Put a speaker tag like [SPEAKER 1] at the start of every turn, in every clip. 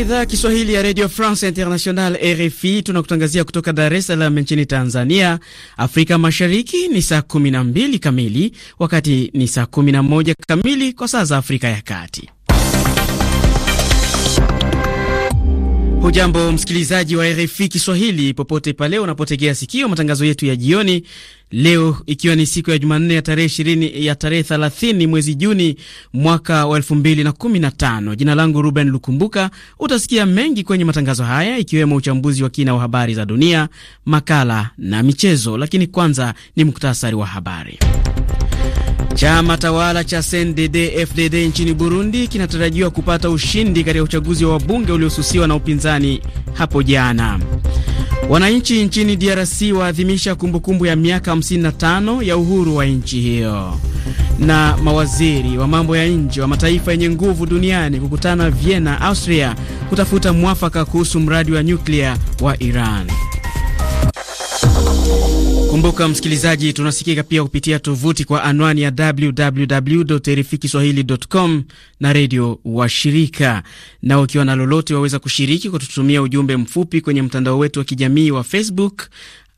[SPEAKER 1] idhaa Kiswahili ya Radio France International, RFI. Tunakutangazia kutoka Dar es Salaam nchini Tanzania. Afrika Mashariki ni saa 12 kamili, wakati ni saa 11 kamili kwa saa za Afrika ya Kati. Hujambo msikilizaji wa RFI Kiswahili popote pale unapotegea sikio matangazo yetu ya jioni leo, ikiwa ni siku ya Jumanne ya tarehe ishirini ya tarehe 30 mwezi Juni mwaka wa tano. Jina langu Ruben Lukumbuka. Utasikia mengi kwenye matangazo haya ikiwemo uchambuzi wa kina wa habari za dunia, makala na michezo, lakini kwanza ni muktasari wa habari. Chama tawala cha CNDD FDD nchini Burundi kinatarajiwa kupata ushindi katika uchaguzi wa wabunge uliosusiwa na upinzani hapo jana. Wananchi nchini DRC waadhimisha kumbukumbu ya miaka 55 ya uhuru wa nchi hiyo. Na mawaziri wa mambo ya nje wa mataifa yenye nguvu duniani kukutana Vienna, Austria, kutafuta mwafaka kuhusu mradi wa nyuklia wa Iran. Kumbuka msikilizaji, tunasikika pia kupitia tovuti kwa anwani ya www.rfikiswahili.com na redio wa shirika Na ukiwa na lolote, waweza kushiriki kwa kututumia ujumbe mfupi kwenye mtandao wetu wa kijamii wa Facebook,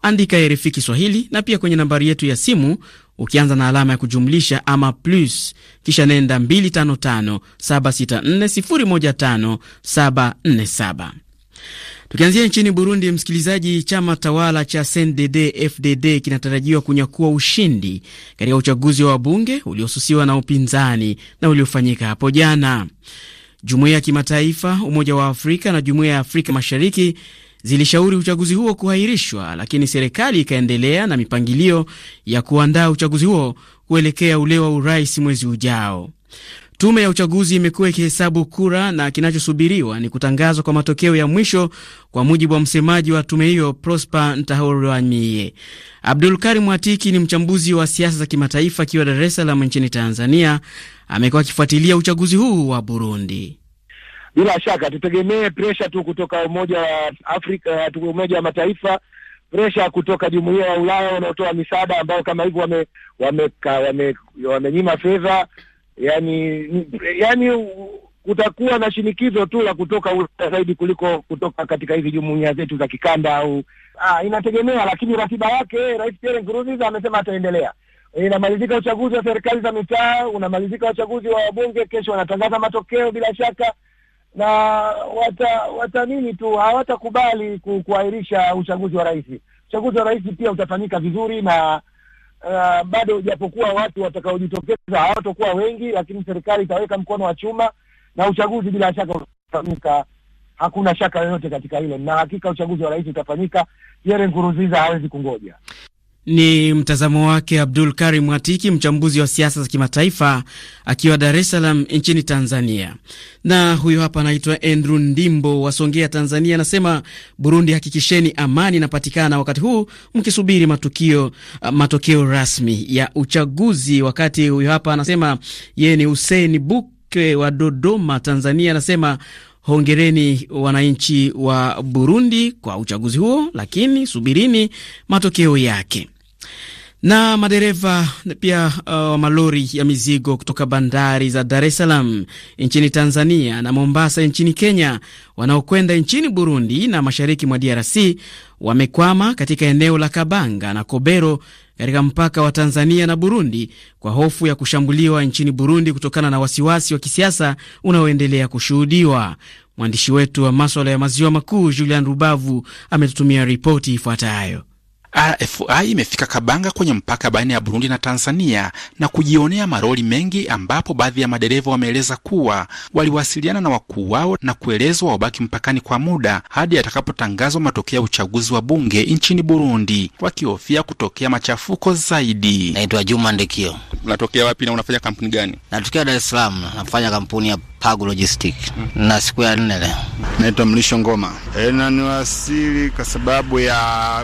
[SPEAKER 1] andika RFI Kiswahili, na pia kwenye nambari yetu ya simu ukianza na alama ya kujumlisha ama plus, kisha nenda 255764015747. Tukianzia nchini Burundi, msikilizaji, chama tawala cha CNDD FDD kinatarajiwa kunyakua ushindi katika uchaguzi wa bunge uliosusiwa na upinzani na uliofanyika hapo jana. Jumuiya ya kimataifa, Umoja wa Afrika na Jumuiya ya Afrika Mashariki zilishauri uchaguzi huo kuahirishwa, lakini serikali ikaendelea na mipangilio ya kuandaa uchaguzi huo kuelekea ule wa urais mwezi ujao. Tume ya uchaguzi imekuwa ikihesabu kura na kinachosubiriwa ni kutangazwa kwa matokeo ya mwisho, kwa mujibu wa msemaji wa tume hiyo Prosper Ntahorwamie. Abdul Karim Watiki ni mchambuzi wa siasa za kimataifa akiwa Dar es Salaam nchini Tanzania. Amekuwa akifuatilia uchaguzi huu wa Burundi.
[SPEAKER 2] Bila shaka tutegemee presha tu kutoka Umoja wa Afrika, Umoja wa Mataifa, presha kutoka Jumuiya ya Ulaya wanaotoa misaada, ambao kama hivyo wamenyima wame, wame, wame fedha yani, yani kutakuwa na shinikizo tu la kutoka Ulaya zaidi kuliko kutoka katika hizi jumuiya zetu za kikanda au ah, inategemea. Lakini ratiba yake eh, Rais Pierre Nkurunziza amesema ataendelea. Eh, inamalizika uchaguzi wa serikali za mitaa, unamalizika uchaguzi wa wabunge, kesho wanatangaza matokeo bila shaka, na wata, tu hawatakubali kuahirisha uchaguzi wa rais. Uchaguzi wa rais pia utafanyika vizuri na uh, bado japokuwa watu watakaojitokeza hawatokuwa wengi, lakini serikali itaweka mkono wa chuma na uchaguzi bila shaka utafanyika. Hakuna shaka yoyote katika hilo, na hakika uchaguzi wa rais utafanyika. Pierre Nkurunziza hawezi kungoja.
[SPEAKER 1] Ni mtazamo wake Abdul Karim Atiki, mchambuzi wa siasa za kimataifa akiwa Dar es Salaam nchini Tanzania. Na huyo hapa anaitwa Andrew Ndimbo wa Songea, Tanzania, anasema Burundi, hakikisheni amani inapatikana wakati huu mkisubiri matukio, matokeo rasmi ya uchaguzi. Wakati huyo hapa anasema yeye ni Hussein Buke wa Dodoma, Tanzania, anasema Hongereni wananchi wa Burundi kwa uchaguzi huo, lakini subirini matokeo yake. Na madereva pia uh, wa uh, malori ya mizigo kutoka bandari za Dar es Salaam nchini Tanzania na Mombasa nchini Kenya wanaokwenda nchini Burundi na mashariki mwa DRC wamekwama katika eneo la Kabanga na Kobero katika mpaka wa Tanzania na Burundi kwa hofu ya kushambuliwa nchini Burundi kutokana na wasiwasi wa kisiasa unaoendelea kushuhudiwa. Mwandishi wetu wa maswala ya maziwa makuu Julian Rubavu ametutumia ripoti ifuatayo.
[SPEAKER 3] RFI imefika Kabanga kwenye mpaka baina ya Burundi na Tanzania na kujionea maroli mengi, ambapo baadhi ya madereva wameeleza kuwa waliwasiliana na wakuu wao na kuelezwa wabaki mpakani kwa muda hadi yatakapotangazwa matokeo ya uchaguzi wa bunge nchini Burundi, wakihofia kutokea machafuko zaidi. Naitwa Juma Ndekio. Unatokea wapi na unafanya kampuni gani?
[SPEAKER 4] Natokea Dar es Salaam, nafanya kampuni ya Pagu Logistic mm. na siku ya nne leo. Naitwa Mlisho Ngoma.
[SPEAKER 3] E, na kwa sababu ya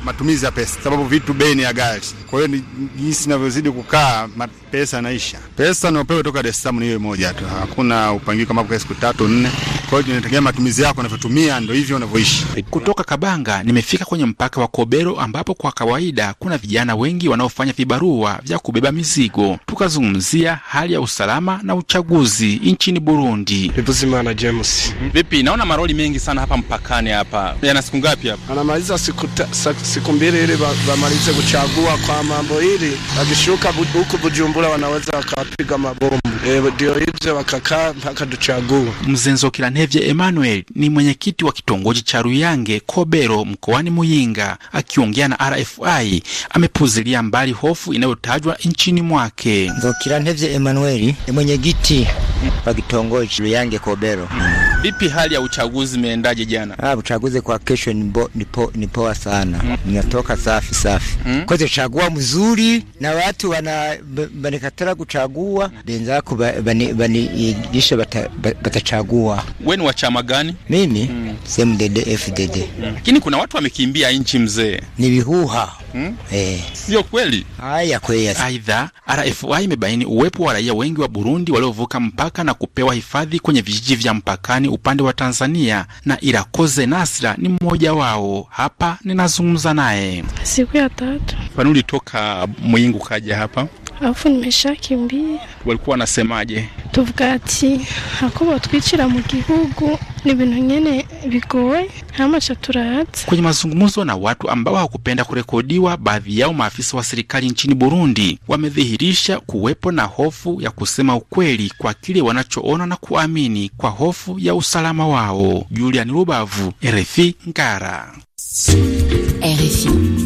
[SPEAKER 3] matumizi ya pesa, sababu vitu bei ni ya gari. Kwa hiyo ni jinsi navyozidi kukaa pesa naisha. Pesa naopewa toka Dar es Salaam ni hiyo moja tu, hakuna upangiko kama kwa siku tatu nne. Kwa hiyo inategemea matumizi yako unavyotumia, ndo hivyo unavyoishi. Kutoka Kabanga nimefika kwenye mpaka wa Kobero, ambapo kwa kawaida kuna vijana wengi wanaofanya vibarua vya kubeba mizigo. Tukazungumzia hali ya usalama na uchaguzi nchini Burundi. Burundi. Nivuzimana James. Mm -hmm. Vipi, naona maroli mengi sana hapa mpakani hapa. Yana siku ngapi hapa?
[SPEAKER 5] Anamaliza siku siku mbili ili wamalize ba, kuchagua kwa mambo hili. Wakishuka huku Bujumbura wanaweza wakapiga mabomu. E, ndio e, hivyo wakakaa mpaka tuchague.
[SPEAKER 3] Mzee Nzokirantevye Emmanuel ni mwenyekiti wa kitongoji cha Ruyange Kobero mkoani Muyinga, akiongea na RFI amepuzilia mbali hofu inayotajwa nchini mwake.
[SPEAKER 4] Nzokirantevye Emmanuel ni mwenyekiti wa kitongoji Ruyange Kobero. Vipi hali ya uchaguzi imeendaje jana? Ah, uchaguzi kwa kesho ni nipo, poa sana mm. Ninatoka safi safi mm. Koze chagua mzuri na watu wana banikatara kuchagua benzaku banigisha bani, bata, batachagua. Wewe ni wa
[SPEAKER 3] chama gani?
[SPEAKER 4] Mimi mm. CMDD FDD. Mm.
[SPEAKER 3] Lakini mm. kuna watu wamekimbia nchi mzee.
[SPEAKER 4] Ni vihuha Hmm? Eh.
[SPEAKER 3] sio kweli
[SPEAKER 4] haya kweli.
[SPEAKER 3] Aidha, RFI imebaini uwepo wa raia wengi wa Burundi waliovuka mpaka na kupewa hifadhi kwenye vijiji vya mpakani upande wa Tanzania, na Irakoze Nasra ni mmoja wao. Hapa ninazungumza naye
[SPEAKER 1] siku ya tatu.
[SPEAKER 3] Panuli toka Mwingu kaja hapa
[SPEAKER 1] afu nimeshakimbia.
[SPEAKER 3] Walikuwa wanasemaje?
[SPEAKER 6] tuvukati ako twicira mu gihugu ni bintu nyene bigoye hamacha turaza.
[SPEAKER 3] Kwenye mazungumzo na watu ambao hawakupenda kurekodiwa, baadhi yao maafisa wa serikali nchini Burundi wamedhihirisha kuwepo na hofu ya kusema ukweli kwa kile wanachoona na kuamini kwa hofu ya usalama wao. Julian Rubavu, RFI Ngara,
[SPEAKER 6] RFI.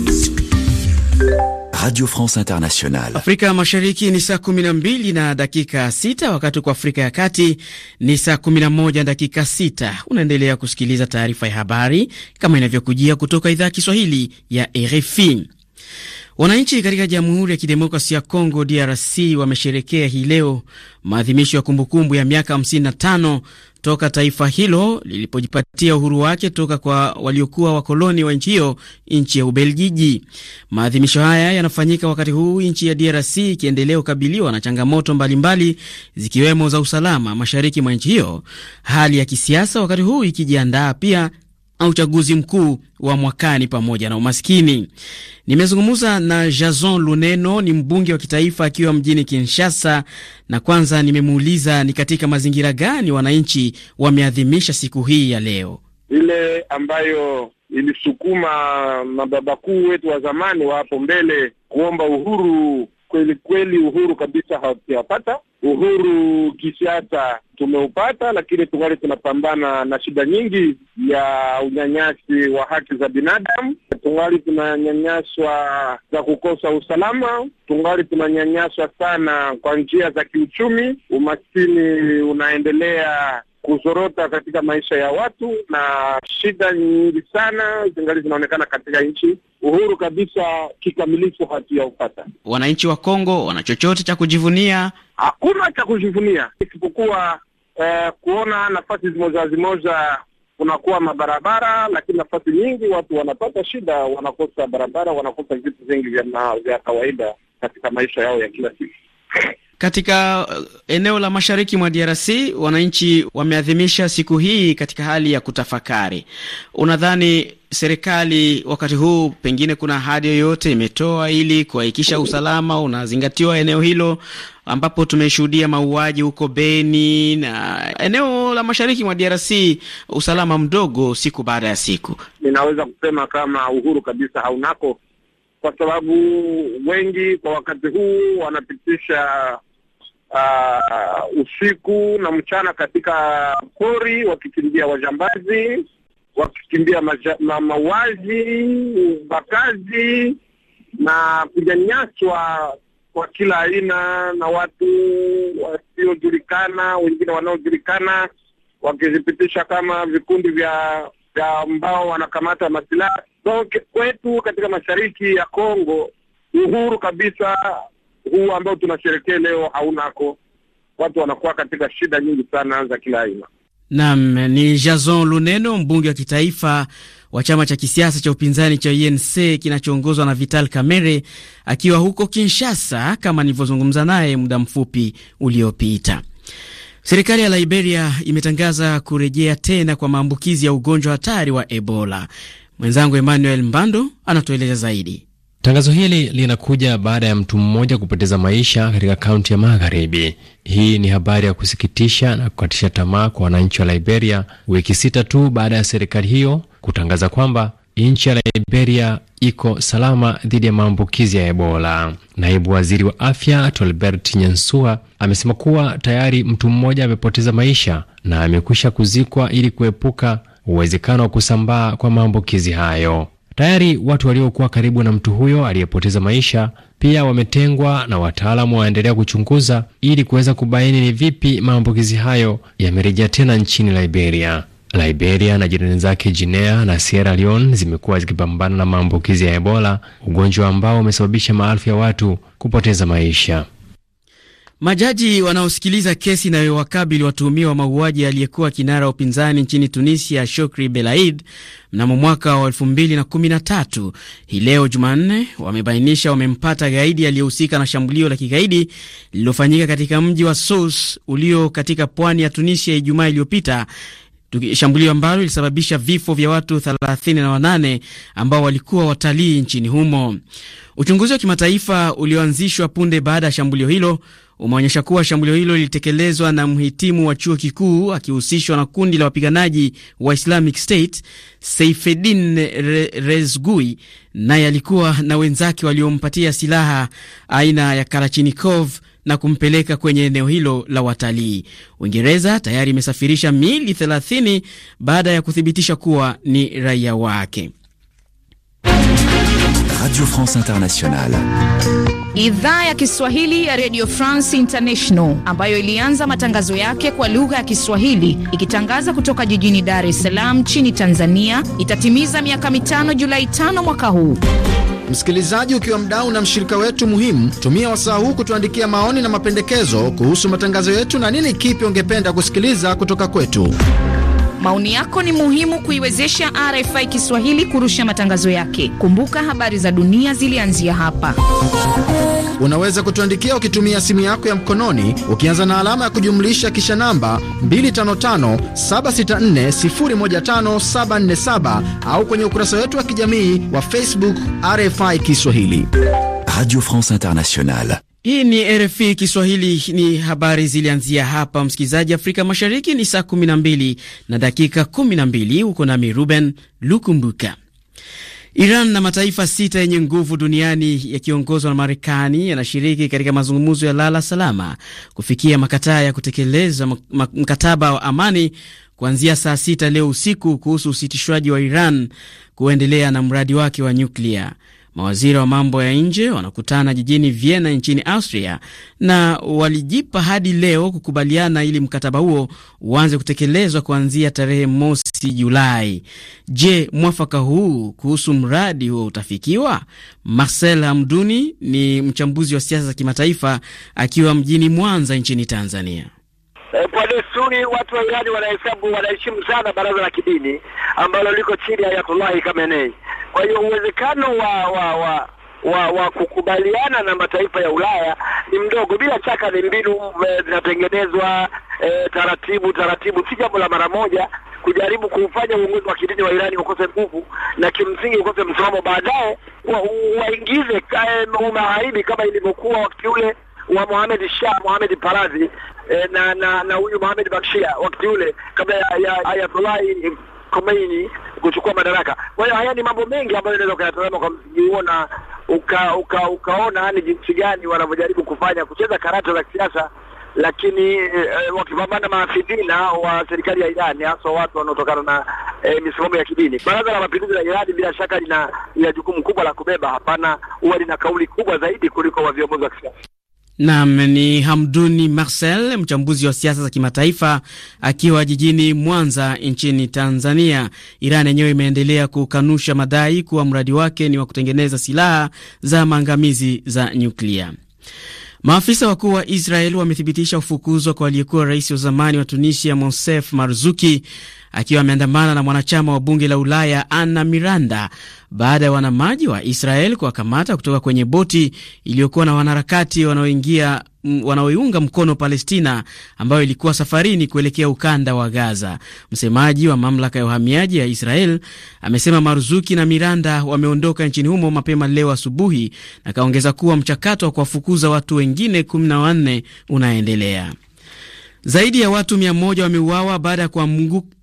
[SPEAKER 3] Radio France Internationale.
[SPEAKER 1] Afrika Mashariki ni saa kumi na dakika sita wakati kwa Afrika ya Kati ni saa 11 na dakika 6. Unaendelea kusikiliza taarifa ya habari kama inavyokujia kutoka idhaa ya Kiswahili ya RFI. Wananchi katika Jamhuri ya Kidemokrasia ya Kongo DRC wamesherekea hii leo maadhimisho ya kumbukumbu ya miaka 55 toka taifa hilo lilipojipatia uhuru wake toka kwa waliokuwa wakoloni wa nchi hiyo, nchi ya Ubelgiji. Maadhimisho haya yanafanyika wakati huu nchi ya DRC ikiendelea kukabiliwa na changamoto mbalimbali zikiwemo za usalama mashariki mwa nchi hiyo, hali ya kisiasa, wakati huu ikijiandaa pia au uchaguzi mkuu wa mwakani pamoja na umaskini. Nimezungumza na Jason Luneno, ni mbunge wa kitaifa akiwa mjini Kinshasa, na kwanza nimemuuliza ni katika mazingira gani wananchi wameadhimisha siku hii ya leo.
[SPEAKER 2] Ile ambayo ilisukuma mababa kuu wetu wa zamani wa hapo mbele kuomba uhuru kweli kweli, uhuru kabisa hatujapata. Uhuru kisiasa tumeupata, lakini tungali tunapambana na shida nyingi ya unyanyasi wa haki za binadamu. Tungali tunanyanyaswa za kukosa usalama, tungali tunanyanyaswa sana kwa njia za kiuchumi, umaskini unaendelea kuzorota katika maisha ya watu na shida nyingi sana zingali zinaonekana katika nchi. Uhuru kabisa kikamilifu hatuyaupata.
[SPEAKER 1] Wananchi wa Kongo wana chochote cha kujivunia?
[SPEAKER 2] Hakuna cha
[SPEAKER 1] kujivunia
[SPEAKER 2] isipokuwa eh, kuona nafasi zimoja zimoja kunakuwa mabarabara, lakini nafasi nyingi watu wanapata shida, wanakosa barabara, wanakosa vitu vingi vya kawaida katika maisha yao ya kila siku.
[SPEAKER 1] Katika uh, eneo la mashariki mwa DRC wananchi wameadhimisha siku hii katika hali ya kutafakari. Unadhani serikali wakati huu pengine kuna ahadi yoyote imetoa ili kuhakikisha usalama unazingatiwa eneo hilo ambapo tumeshuhudia mauaji huko Beni na eneo la mashariki mwa DRC, usalama mdogo siku baada ya siku?
[SPEAKER 2] Ninaweza kusema kama uhuru kabisa haunako, kwa sababu wengi kwa wakati huu wanapitisha uh, usiku na mchana katika pori wakikimbia wajambazi, wakikimbia mauaji, ubakazi na kunyanyaswa kwa kila aina na watu wasiojulikana, wengine wanaojulikana, wakizipitisha kama vikundi vya vya ambao wanakamata masilaha. So, kwetu katika mashariki ya Kongo uhuru kabisa huu ambao tunasherekea leo haunako. Watu wanakuwa katika shida nyingi sana za kila aina.
[SPEAKER 1] Naam, ni Jason Luneno, mbunge wa kitaifa wa chama cha kisiasa cha upinzani cha UNC kinachoongozwa na Vital Kamerhe akiwa huko Kinshasa, kama nilivyozungumza naye muda mfupi uliopita. Serikali ya Liberia imetangaza kurejea tena kwa maambukizi ya ugonjwa hatari wa Ebola. Mwenzangu Emmanuel Mbando anatueleza zaidi.
[SPEAKER 3] Tangazo hili linakuja baada ya mtu mmoja kupoteza maisha katika kaunti ya Magharibi. Hii ni habari ya kusikitisha na kukatisha tamaa kwa wananchi wa Liberia, wiki sita tu baada ya serikali hiyo kutangaza kwamba nchi ya Liberia iko salama dhidi ya maambukizi ya Ebola. Naibu waziri wa afya Tolbert Nyensua amesema kuwa tayari mtu mmoja amepoteza maisha na amekwisha kuzikwa ili kuepuka uwezekano wa kusambaa kwa maambukizi hayo. Tayari watu waliokuwa karibu na mtu huyo aliyepoteza maisha pia wametengwa na wataalamu waendelea kuchunguza ili kuweza kubaini ni vipi maambukizi hayo yamerejea tena nchini Liberia. Liberia na jirani zake Guinea na Sierra Leone zimekuwa zikipambana na maambukizi ya Ebola, ugonjwa ambao umesababisha maelfu ya watu kupoteza maisha.
[SPEAKER 1] Majaji wanaosikiliza kesi inayowakabili watuhumiwa mauaji aliyekuwa kinara wa upinzani nchini Tunisia, Shokri Belaid, mnamo mwaka wa 2013 hii leo Jumanne wamebainisha wamempata gaidi aliyehusika na shambulio la kigaidi lililofanyika katika mji wa sous ulio katika pwani ya Tunisia Ijumaa iliyopita shambulio ambalo lilisababisha vifo vya watu 38 ambao walikuwa watalii nchini humo. Uchunguzi wa kimataifa ulioanzishwa punde baada ya shambulio hilo umeonyesha kuwa shambulio hilo lilitekelezwa na mhitimu wa chuo kikuu akihusishwa na kundi la wapiganaji wa Islamic State. Seifedin Re Rezgui naye alikuwa na wenzake waliompatia silaha aina ya Kalachnikov na kumpeleka kwenye eneo hilo la watalii. Uingereza tayari imesafirisha miili 30 baada ya kuthibitisha kuwa ni raia wake.
[SPEAKER 3] Radio France Internationale.
[SPEAKER 6] Idhaa ya Kiswahili ya Radio France International ambayo ilianza matangazo yake kwa lugha ya Kiswahili ikitangaza kutoka jijini Dar es Salaam nchini Tanzania itatimiza miaka mitano Julai tano mwaka huu.
[SPEAKER 7] Msikilizaji, ukiwa mdau na mshirika wetu muhimu, tumia wasaa huu kutuandikia maoni na mapendekezo kuhusu matangazo yetu na nini kipi ungependa kusikiliza kutoka kwetu.
[SPEAKER 6] Maoni yako ni muhimu kuiwezesha RFI Kiswahili kurusha matangazo yake. Kumbuka habari za dunia zilianzia hapa.
[SPEAKER 7] Unaweza kutuandikia ukitumia simu yako ya mkononi ukianza na alama ya kujumlisha kisha namba 255764015747 au kwenye ukurasa wetu wa kijamii wa Facebook RFI Kiswahili. Radio France Internationale.
[SPEAKER 1] Hii ni RFI Kiswahili, ni habari zilianzia hapa. Msikilizaji Afrika Mashariki ni saa 12 na dakika 12. Uko nami Ruben Lukumbuka. Iran na mataifa sita yenye nguvu duniani yakiongozwa na Marekani yanashiriki katika mazungumzo ya lala salama kufikia makataa ya kutekeleza mkataba wa amani kuanzia saa sita leo usiku kuhusu usitishwaji wa Iran kuendelea na mradi wake wa nyuklia. Mawaziri wa mambo ya nje wanakutana jijini Vienna nchini Austria na walijipa hadi leo kukubaliana ili mkataba huo uanze kutekelezwa kuanzia tarehe mosi Julai. Je, mwafaka huu kuhusu mradi huo utafikiwa? Marcel Hamduni ni mchambuzi wa siasa za kimataifa akiwa mjini Mwanza nchini Tanzania.
[SPEAKER 2] Kwa eh, desturi watu wa Irani wanahesabu wanaheshimu sana baraza la kidini ambalo liko chini ya ayatullahi Khamenei. Kwa hiyo uwezekano wa wa, wa wa wa kukubaliana na mataifa ya Ulaya ni mdogo. Bila shaka ni mbinu eh, zinatengenezwa e, taratibu taratibu, si jambo la mara moja kujaribu kuufanya uongozi wa kidini wa Irani ukose nguvu na kimsingi ukose msimamo, baadaye waingize wa eh, magharibi kama ilivyokuwa wakati ule wa Mohamed Shah Mohamed Parazi e, na na na huyu Mohamed Bakshia wakati ule kabla ya Ayatollah Khomeini kuchukua madaraka. Kwa hiyo haya ni mambo mengi ambayo unaweza ukayatazama kwa msijiuona uka, uka, ukaona ni jinsi gani wanavyojaribu kufanya kucheza karata za kisiasa, lakini e, wakipambana maafidhina wa serikali ya Irani, hasa watu wanaotokana na e, misimamo ya kidini. Baraza la Mapinduzi la Irani bila shaka lina, lina jukumu kubwa la kubeba, hapana, huwa lina kauli kubwa zaidi kuliko
[SPEAKER 1] wa viongozi wa kisiasa. Nam ni Hamduni Marcel, mchambuzi wa siasa za kimataifa akiwa jijini Mwanza nchini Tanzania. Iran yenyewe imeendelea kukanusha madai kuwa mradi wake ni wa kutengeneza silaha za maangamizi za nyuklia. Maafisa wakuu wa Israel wamethibitisha ufukuzwa kwa aliyekuwa rais wa zamani wa Tunisia Monsef Marzuki akiwa ameandamana na mwanachama wa bunge la Ulaya Anna Miranda baada ya wanamaji wa Israel kuwakamata kutoka kwenye boti iliyokuwa na wanaharakati wanaoingia wanaoiunga mkono Palestina ambayo ilikuwa safarini kuelekea ukanda wa Gaza. Msemaji wa mamlaka ya uhamiaji ya Israel amesema Marzuki na Miranda wameondoka nchini humo mapema leo asubuhi, na kaongeza kuwa mchakato wa kuwafukuza watu wengine 14 unaendelea. Zaidi ya watu mia moja wameuawa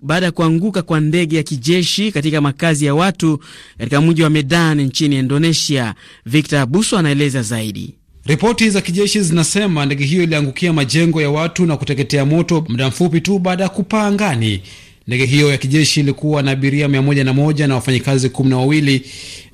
[SPEAKER 1] baada ya kuanguka kwa ndege ya kijeshi katika makazi ya watu katika mji wa Medan nchini Indonesia. Victor Abuso anaeleza zaidi. Ripoti za kijeshi zinasema ndege hiyo iliangukia majengo ya watu na kuteketea moto muda mfupi tu baada ya kupaa angani. Ndege hiyo ya kijeshi ilikuwa na abiria mia moja na moja na wafanyikazi kumi na wawili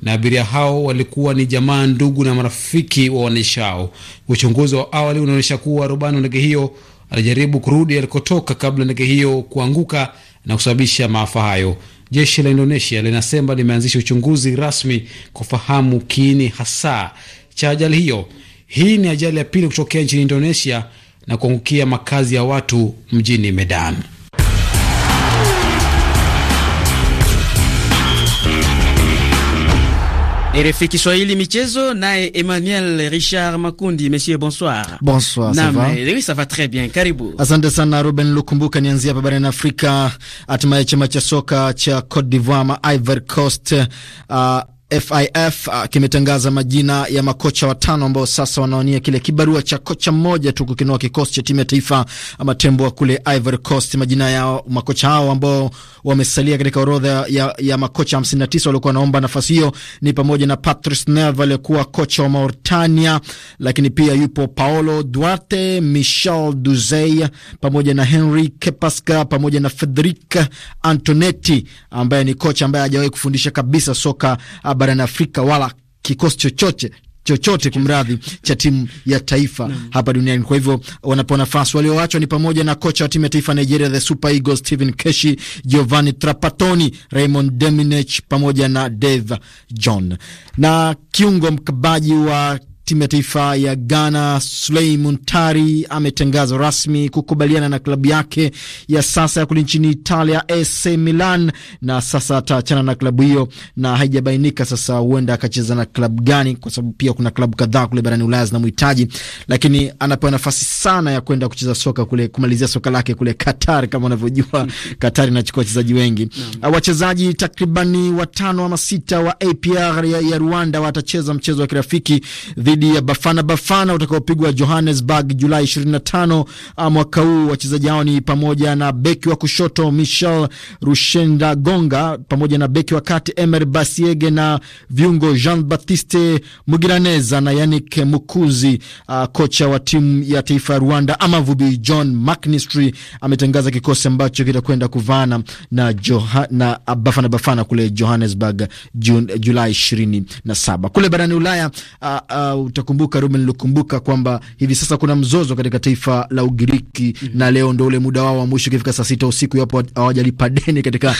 [SPEAKER 1] na abiria hao walikuwa ni jamaa, ndugu na marafiki wa wanishao. Uchunguzi wa awali unaonyesha kuwa rubani wa ndege hiyo alijaribu kurudi alikotoka kabla ndege hiyo kuanguka na kusababisha maafa hayo. Jeshi la Indonesia linasema limeanzisha uchunguzi rasmi kufahamu kiini hasa cha ajali hiyo. Hii ni ajali ya pili kutokea nchini Indonesia na kuangukia makazi ya watu mjini Medan. RFI Kiswahili Michezo, naye Emmanuel Richard Makundi. Monsieur, bonsoir.
[SPEAKER 7] Bonsoir, ça va?
[SPEAKER 1] Eh, oui, ça va très bien. Karibu.
[SPEAKER 7] Asante sana Ruben Lukumbuka. Nianzie hapa barani Afrika. Hatimaye chama cha soka cha Cote d'Ivoire ama Ivory Coast uh, FIF uh, ah, kimetangaza majina ya makocha watano ambao sasa wanaonia kile kibarua cha kocha mmoja tu kukinoa kikosi cha timu ya taifa ama tembo wa kule Ivory Coast. Majina ya makocha hao ambao wamesalia katika orodha ya, ya makocha 59 waliokuwa wanaomba nafasi hiyo ni pamoja na Patrice Neve aliyekuwa kocha wa Mauritania, lakini pia yupo Paolo Duarte, Michel Duzey pamoja na Henry Kepaska pamoja na Federic Antonetti ambaye ni kocha ambaye hajawahi kufundisha kabisa soka aba ah, barani Afrika wala kikosi chochote chochote kumradhi cha timu ya taifa no. hapa duniani. Kwa hivyo wanapewa nafasi walioachwa ni pamoja na kocha wa timu ya taifa Nigeria the Super Eagles Stephen Keshi, Giovanni trapatoni Raymond Domenech pamoja na Dave John na kiungo mkabaji wa Timu ya taifa ya Ghana, Sulei Muntari ametangazwa rasmi kukubaliana na klabu yake ya sasa ya kule nchini Italia, AC Milan, na sasa ataachana na klabu hiyo, na haijabainika sasa huenda akacheza na klabu gani, kwa sababu pia kuna klabu kadhaa kule barani Ulaya zinamhitaji, lakini anapewa nafasi sana ya kwenda kucheza soka kule, kumalizia soka lake kule Qatar. Kama unavyojua Qatar inachukua wachezaji wengi no. wachezaji takribani watano ama sita wa APR ya, ya Rwanda watacheza mchezo wa kirafiki dhidi ya Bafana Bafana utakaopigwa Johannesburg Julai 25 ah, mwaka huu. Wachezaji hao ni pamoja na beki wa kushoto Michel Rushenda Gonga pamoja na beki wa kati Emer Basiege na viungo Jean Baptiste Mugiraneza na Yannick Mukuzi. Uh, kocha wa timu ya taifa ya Rwanda Amavubi John McNistry ametangaza kikosi ambacho kitakwenda kuvana na, Joha, na Bafana Bafana kule Johannesburg Julai 27. Kule barani Ulaya uh, uh, utakumbuka Ruben Lukumbuka kwamba hivi sasa kuna mzozo katika taifa la Ugiriki mm -hmm. na leo ndo ule muda wao wa mwisho ukifika saa sita usiku iwapo hawajalipa deni katika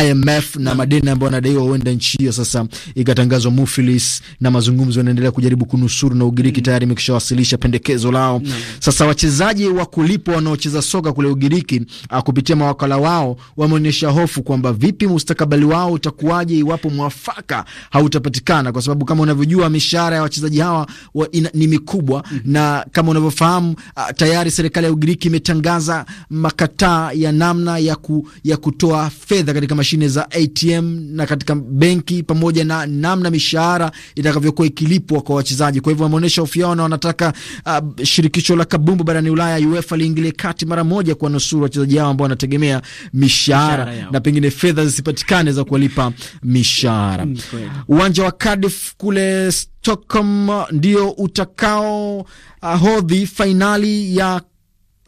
[SPEAKER 7] IMF na madeni ambayo wanadaiwa, huenda nchi hiyo sasa ikatangazwa mufilis, na mazungumzo yanaendelea kujaribu kunusuru, na Ugiriki mm -hmm. tayari imekushawasilisha pendekezo lao mm -hmm. Sasa wachezaji wa kulipwa wanaocheza soka kule Ugiriki ah, kupitia mawakala wao wameonyesha hofu kwamba vipi mustakabali wao utakuwaje iwapo mwafaka hautapatikana, kwa sababu kama unavyojua mishahara ya wachezaji hawa ina, ni mikubwa mm -hmm. na kama unavyofahamu ah, tayari serikali ya Ugiriki imetangaza makataa ya namna ya, ku, ya kutoa fedha katika mashine za ATM na katika benki pamoja na namna mishahara itakavyokuwa ikilipwa kwa wachezaji. Kwa hivyo wameonyesha hofu yao na wanataka uh, shirikisho la kabumbu barani Ulaya UEFA liingilie kati mara moja kuwanusuru wachezaji hao ambao wanategemea mishahara na pengine fedha zisipatikane za kuwalipa mishahara. Mm, Uwanja wa Cardiff kule tokom uh, ndio utakao uh, hodhi fainali ya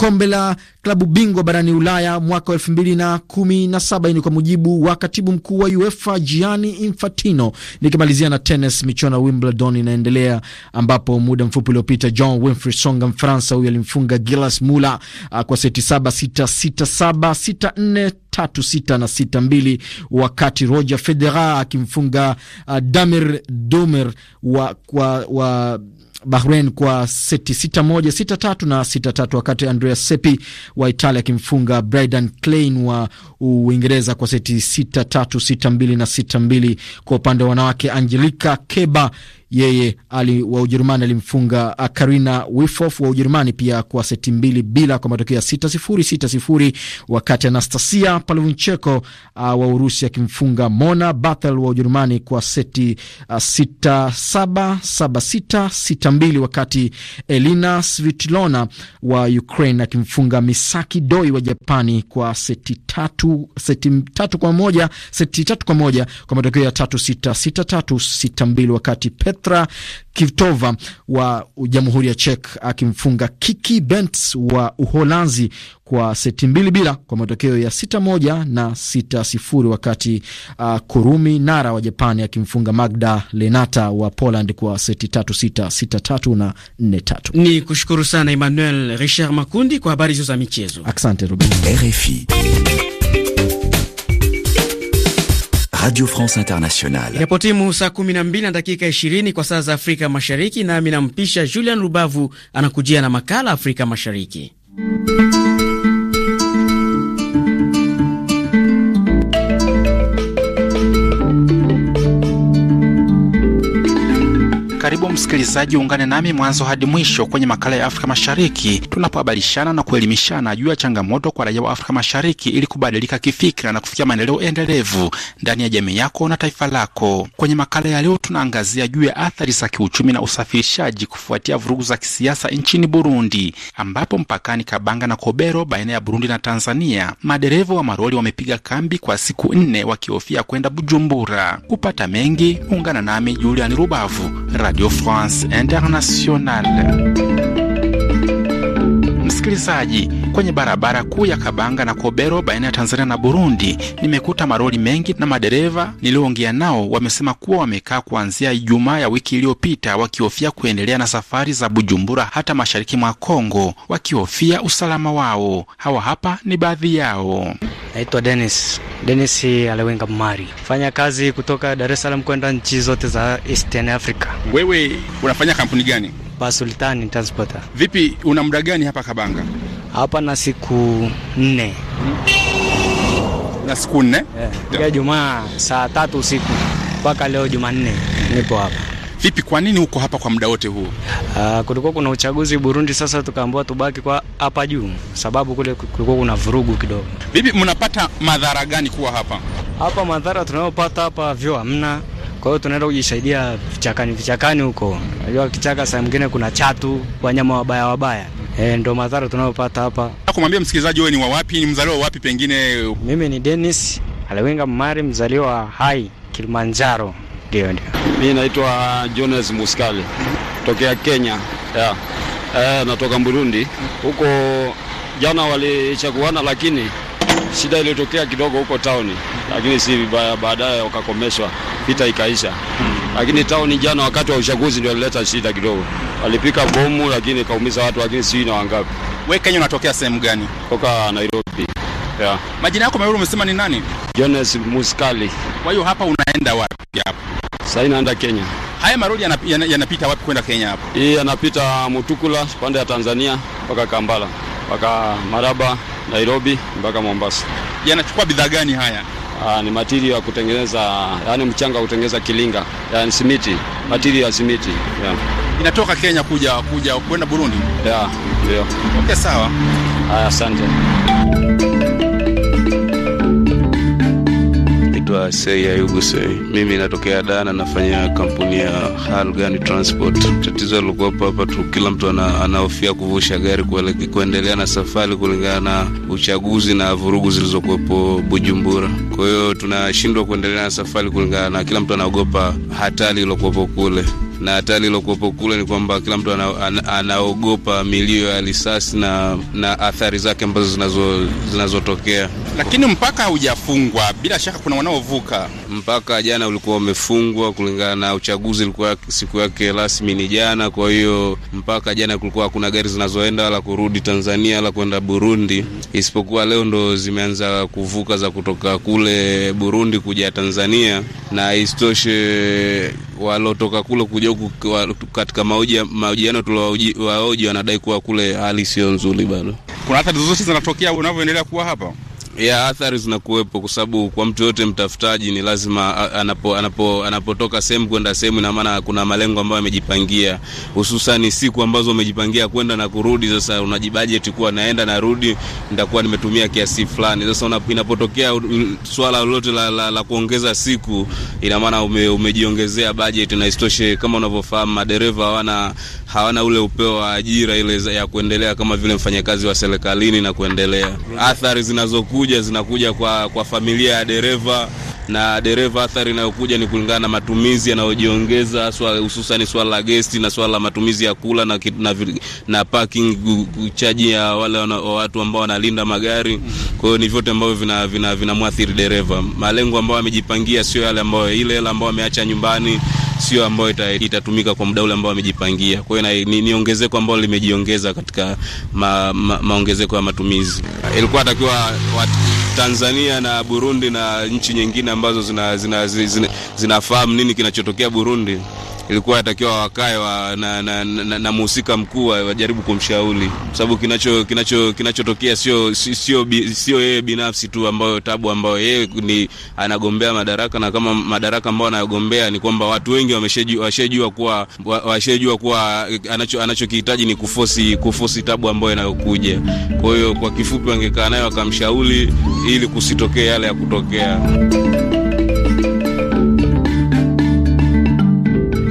[SPEAKER 7] kombe la klabu bingwa barani Ulaya mwaka wa elfu mbili na kumi na saba. Hii ni kwa mujibu wa katibu mkuu wa UEFA Gianni Infantino. Nikimalizia na tenis, michuano ya Wimbledon inaendelea ambapo muda mfupi uliopita John Winfrey Songa Mfaransa huyu alimfunga Gilas Mula uh, kwa seti saba sita sita saba sita nne tatu sita na sita mbili, wakati Roger Federer akimfunga uh, Damir Domer wa, wa, wa Bahrain kwa seti sita moja, sita tatu na sita tatu, wakati Andrea Sepi wa Italia akimfunga Brydan Klein wa Uingereza kwa seti sita tatu sita mbili na sita mbili. Kwa upande wa wanawake, Angelika Keba yeye ali wa Ujerumani alimfunga uh, Karina Wifof wa Ujerumani pia kwa seti mbili bila kwa matokeo ya sita sifuri sita sifuri, wakati Anastasia Palvichenko uh, wa Urusi akimfunga Mona Barthel wa Ujerumani kwa seti uh, sita saba saba sita sita mbili, wakati Elina Svitlona wa Ukraine akimfunga Misaki Doi wa Japani kwa seti tatu seti tatu kwa moja, seti tatu kwa moja kwa matokeo ya tatu sita sita tatu sita mbili, wakati Petra Kvitova wa Jamhuri ya Czech akimfunga Kiki Bents wa Uholanzi kwa seti mbili bila kwa matokeo ya sita moja na sita sifuri, wakati uh, Kurumi Nara wa Japani akimfunga Magda Lenata wa Poland kwa seti tatu sita sita tatu na nne tatu.
[SPEAKER 1] Ni kushukuru sana Emmanuel Richard Makundi kwa habari hizo za michezo.
[SPEAKER 7] Asante Ruben. RFI
[SPEAKER 3] Radio France Internationale.
[SPEAKER 1] Inapotimu saa 12 na dakika 20 kwa saa za Afrika Mashariki, nami nampisha Julian Rubavu anakujia na makala Afrika Mashariki
[SPEAKER 3] msikilizaji, ungane nami mwanzo hadi mwisho kwenye makala ya Afrika Mashariki tunapohabarishana na kuelimishana juu ya changamoto kwa raia wa Afrika Mashariki ili kubadilika kifikra na kufikia maendeleo endelevu ndani ya jamii yako na taifa lako. Kwenye makala ya leo, tunaangazia juu ya athari za kiuchumi na usafirishaji kufuatia vurugu za kisiasa nchini Burundi, ambapo mpakani Kabanga na Kobero baina ya Burundi na Tanzania madereva wa maroli wamepiga kambi kwa siku nne wakihofia kwenda Bujumbura. Kupata mengi, ungana nami Julian Rubavu, Radio France Internationale. Msikilizaji, kwenye barabara kuu ya Kabanga na Kobero baina ya Tanzania na Burundi, nimekuta maroli mengi na madereva niliyoongea nao wamesema kuwa wamekaa kuanzia Ijumaa ya wiki iliyopita wakihofia kuendelea na safari za Bujumbura hata mashariki mwa Kongo, wakihofia usalama wao. Hawa hapa ni baadhi yao. Naitwa Denis Denis Alewenga Mari, fanya kazi kutoka Dar es Salaam kwenda nchi zote za Eastern Africa. Wewe unafanya kampuni gani? hapa Sultani Transporter. Vipi, una muda gani hapa Kabanga?
[SPEAKER 8] Hapa na siku nne
[SPEAKER 3] na siku nne yeah. Jumaa saa tatu usiku mpaka leo Jumanne nipo hapa. Vipi, kwa nini uko hapa kwa muda wote huo? Uh, kulikuwa kuna uchaguzi Burundi, sasa tukaambiwa tubaki kwa hapa juu, sababu kule kulikuwa kuna vurugu kidogo. Vipi, mnapata madhara gani kuwa hapa?
[SPEAKER 8] Hapa madhara tunayopata hapa, vyoo hamna, kwa hiyo tunaenda kujisaidia vichakani vichakani huko. Unajua kichaka saa mwingine kuna chatu, wanyama wabaya wabaya. E, eh, ndo madhara
[SPEAKER 9] tunayopata hapa.
[SPEAKER 3] Kumwambia msikilizaji, wewe ni wa wapi? Ni mzaliwa wapi? Pengine mimi ni Dennis Alewinga Mmari, mzaliwa Hai, Kilimanjaro. Ndio, ndio. Mimi naitwa jones
[SPEAKER 9] Muskali tokea Kenya, yeah. E, natoka Burundi. Huko jana walichaguana, lakini shida iliyotokea kidogo huko tauni, lakini si vibaya, baadaye wakakomeshwa, vita ikaisha. Lakini tauni jana wakati wa uchaguzi ndio ilileta shida kidogo, walipika bomu lakini kaumiza watu, lakini sijui na wangapi.
[SPEAKER 3] Wewe Kenya unatokea sehemu gani? Toka Nairobi. Yeah. Majina yako mawili umesema ni nani? Jones Muskali. Kwa hiyo hapa unaenda wapi hapa? Sasa inaenda Kenya. Haya marudi yanapita yana, yana wapi kwenda Kenya hapa? Hii yanapita Mutukula pande ya Tanzania mpaka Kampala
[SPEAKER 5] mpaka Maraba Nairobi mpaka Mombasa. Yanachukua bidhaa gani haya? Aa, ah, ni matiri ya kutengeneza, yani mchanga wa kutengeneza kilinga, yani simiti, matirio ya simiti yeah. Inatoka Kenya kuja kuja kwenda Burundi. Yeah, ndio. Okay, sawa. Asante. naitwa Sei Ayubu Sei, mimi natokea Dana, nafanya kampuni ya Hargan Transport. Tatizo alikuwapo hapa tu, kila mtu anahofia ana kuvusha gari kuendelea na safari kulingana na uchaguzi na vurugu zilizokuwepo Bujumbura. Kwa hiyo tunashindwa kuendelea na safari kulingana na kila mtu anaogopa hatari iliyokuwepo kule na hatari iliokuwepo kule ni kwamba kila mtu ana, ana, anaogopa milio ya risasi na, na athari zake ambazo zinazotokea zinazo. Lakini
[SPEAKER 3] mpaka haujafungwa, bila shaka kuna wanaovuka
[SPEAKER 5] mpaka. Jana ulikuwa umefungwa kulingana na uchaguzi, ilikuwa siku yake rasmi ni jana. Kwa hiyo mpaka jana kulikuwa hakuna gari zinazoenda wala kurudi Tanzania wala kwenda Burundi, isipokuwa leo ndo zimeanza kuvuka za kutoka kule Burundi kuja Tanzania, na isitoshe walotoka kule kuja huku katika mahojiano tuliwaoji wanadai kuwa kule hali sio nzuri bado.
[SPEAKER 3] Kuna hata zozote zinatokea unavyoendelea kuwa hapa?
[SPEAKER 5] ya athari zinakuwepo, kwa sababu kwa mtu yote mtafutaji ni lazima anapo, anapo, anapotoka sehemu kwenda sehemu, ina maana kuna malengo ambayo amejipangia, hususan siku ambazo umejipangia kwenda na kurudi. Sasa unajibajeti kuwa naenda na rudi, nitakuwa nimetumia kiasi fulani. Sasa inapotokea swala lolote la, la, la kuongeza siku, ina maana ume, umejiongezea bajeti, na isitoshe kama unavyofahamu madereva hawana hawana ule upeo wa ajira ile ya kuendelea kama vile mfanyakazi wa serikalini na kuendelea. Athari zinazokuja zinakuja kwa, kwa familia ya dereva na dereva, athari inayokuja ni kulingana na matumizi yanayojiongeza, hususani swala la gesti na swala la matumizi ya kula na, na, na parking chaji ya wale wana, watu ambao wanalinda magari. Kwa hiyo ni vyote ambavyo vinamwathiri vina, vina, vina dereva. Malengo ambayo amejipangia sio yale ambayo, ile hela ambayo ameacha nyumbani sio ambayo ita, itatumika kwa muda ule ambao wamejipangia. Kwa hiyo ni, ni ongezeko ambalo limejiongeza katika ma, ma, maongezeko ya matumizi. Ilikuwa atakiwa Tanzania na Burundi na nchi nyingine ambazo zinafahamu zina, zina, zina, zina nini kinachotokea Burundi ilikuwa atakiwa wakae wa, na, na, na, na mhusika mkuu wajaribu kumshauri, kwa sababu kinacho kinacho kinachotokea sio sio sio yeye binafsi tu ambayo tabu ambayo yeye ni anagombea madaraka, na kama madaraka ambayo anayogombea ni kwamba watu wengi wameshajua kuwa washajua kuwa anacho anachokihitaji ni kufosi kufosi tabu ambayo inayokuja. Kwa hiyo kwa kifupi, wangekaa naye wakamshauri ili kusitokee yale ya kutokea.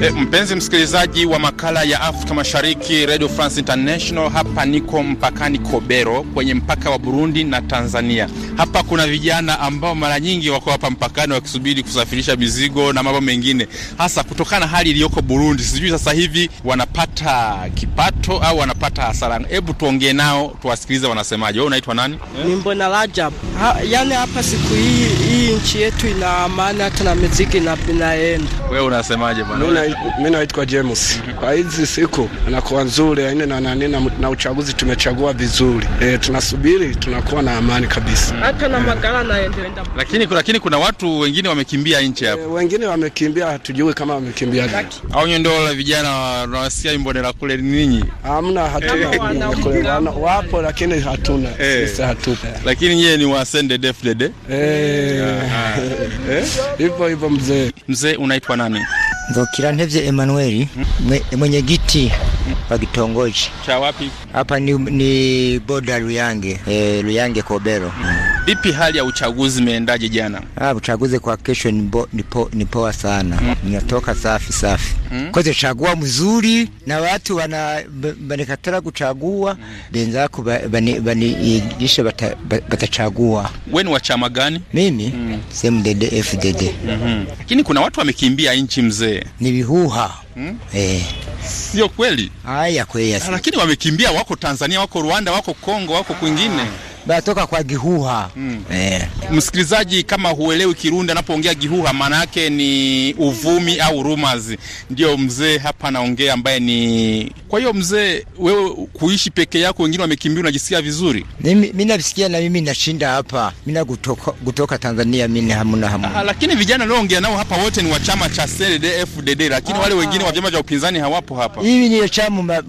[SPEAKER 5] E, mpenzi
[SPEAKER 3] msikilizaji wa makala ya Afrika Mashariki Radio France International, hapa niko mpakani Kobero kwenye mpaka wa Burundi na Tanzania. Hapa kuna vijana ambao mara nyingi wako hapa mpakani wakisubiri kusafirisha mizigo na mambo mengine, hasa kutokana na hali iliyoko Burundi. Sijui sasa hivi wanapata kipato au wanapata hasara. Hebu tuongee nao tuwasikilize wanasemaje. Wewe unaitwa nani?
[SPEAKER 1] Ni Mbona Rajab. Ha, yani hapa siku hii hii nchi yetu ina maana, tuna mizigo na binaenda.
[SPEAKER 3] Wewe unasemaje
[SPEAKER 5] bwana? mimi naitwa James. Kwa hizi siku anakuwa nzuri aina yaani na nani na, na uchaguzi tumechagua vizuri e, tunasubiri tunakuwa na amani kabisa hata
[SPEAKER 8] na e. magala na endelea.
[SPEAKER 3] Lakini kuna lakini kuna watu wengine wamekimbia nje hapo. E, wengine wamekimbia hatujui kama wamekimbia au nyo ndio wale vijana tunawasikia Imbonela kule ninyi. Hamna hatuna kule wapo lakini hatuna
[SPEAKER 4] E, sisi hatupo.
[SPEAKER 3] Lakini yeye ni wasende defdede. Eh. Hivyo hivyo mzee. Mzee unaitwa nani?
[SPEAKER 4] Ngo Kirantevye Emmanuel giti wa kitongoji cha wapi hapa ni, ni boda Ruyange e, Ruyange Kobero. Vipi mm. hali ya uchaguzi imeendaje jana? Ah, uchaguzi kwa kesho ni, bo, ni, po, ni poa sana mm. inatoka safi safi mm. koze chagua mzuri na watu wana banikatara kuchagua mm. benzako banigisha bani, bata, batachagua. bata.
[SPEAKER 3] Wewe ni wa chama gani? Mimi mm.
[SPEAKER 4] sehemu DD FDD. Hmm.
[SPEAKER 3] Lakini mm -hmm. kuna watu wamekimbia nchi mzee,
[SPEAKER 4] ni vihuha hmm? Eh,
[SPEAKER 3] sio kweli haya kweli, lakini wamekimbia, wako Tanzania, wako Rwanda, wako Kongo, wako kwingine ah natoka kwa Gihuha
[SPEAKER 10] mm. Eh.
[SPEAKER 3] Msikilizaji, kama huelewi Kirundi anapoongea Gihuha, maana yake ni uvumi au rumors. Ndio mzee hapa anaongea ambaye ni. Kwa hiyo mzee, wewe kuishi peke yako, wengine wamekimbia, unajisikia vizuri?
[SPEAKER 4] Mimi nasikia na mimi nashinda hapa, mimi kutoka, kutoka Tanzania mimi hamuna hamuna.
[SPEAKER 3] Ah, lakini vijana naongea nao hapa wote ni wa chama cha CNDD-FDD, lakini ah, wale wengine wa ah. vyama vya
[SPEAKER 4] upinzani hawapo hapa. Hivi ni chama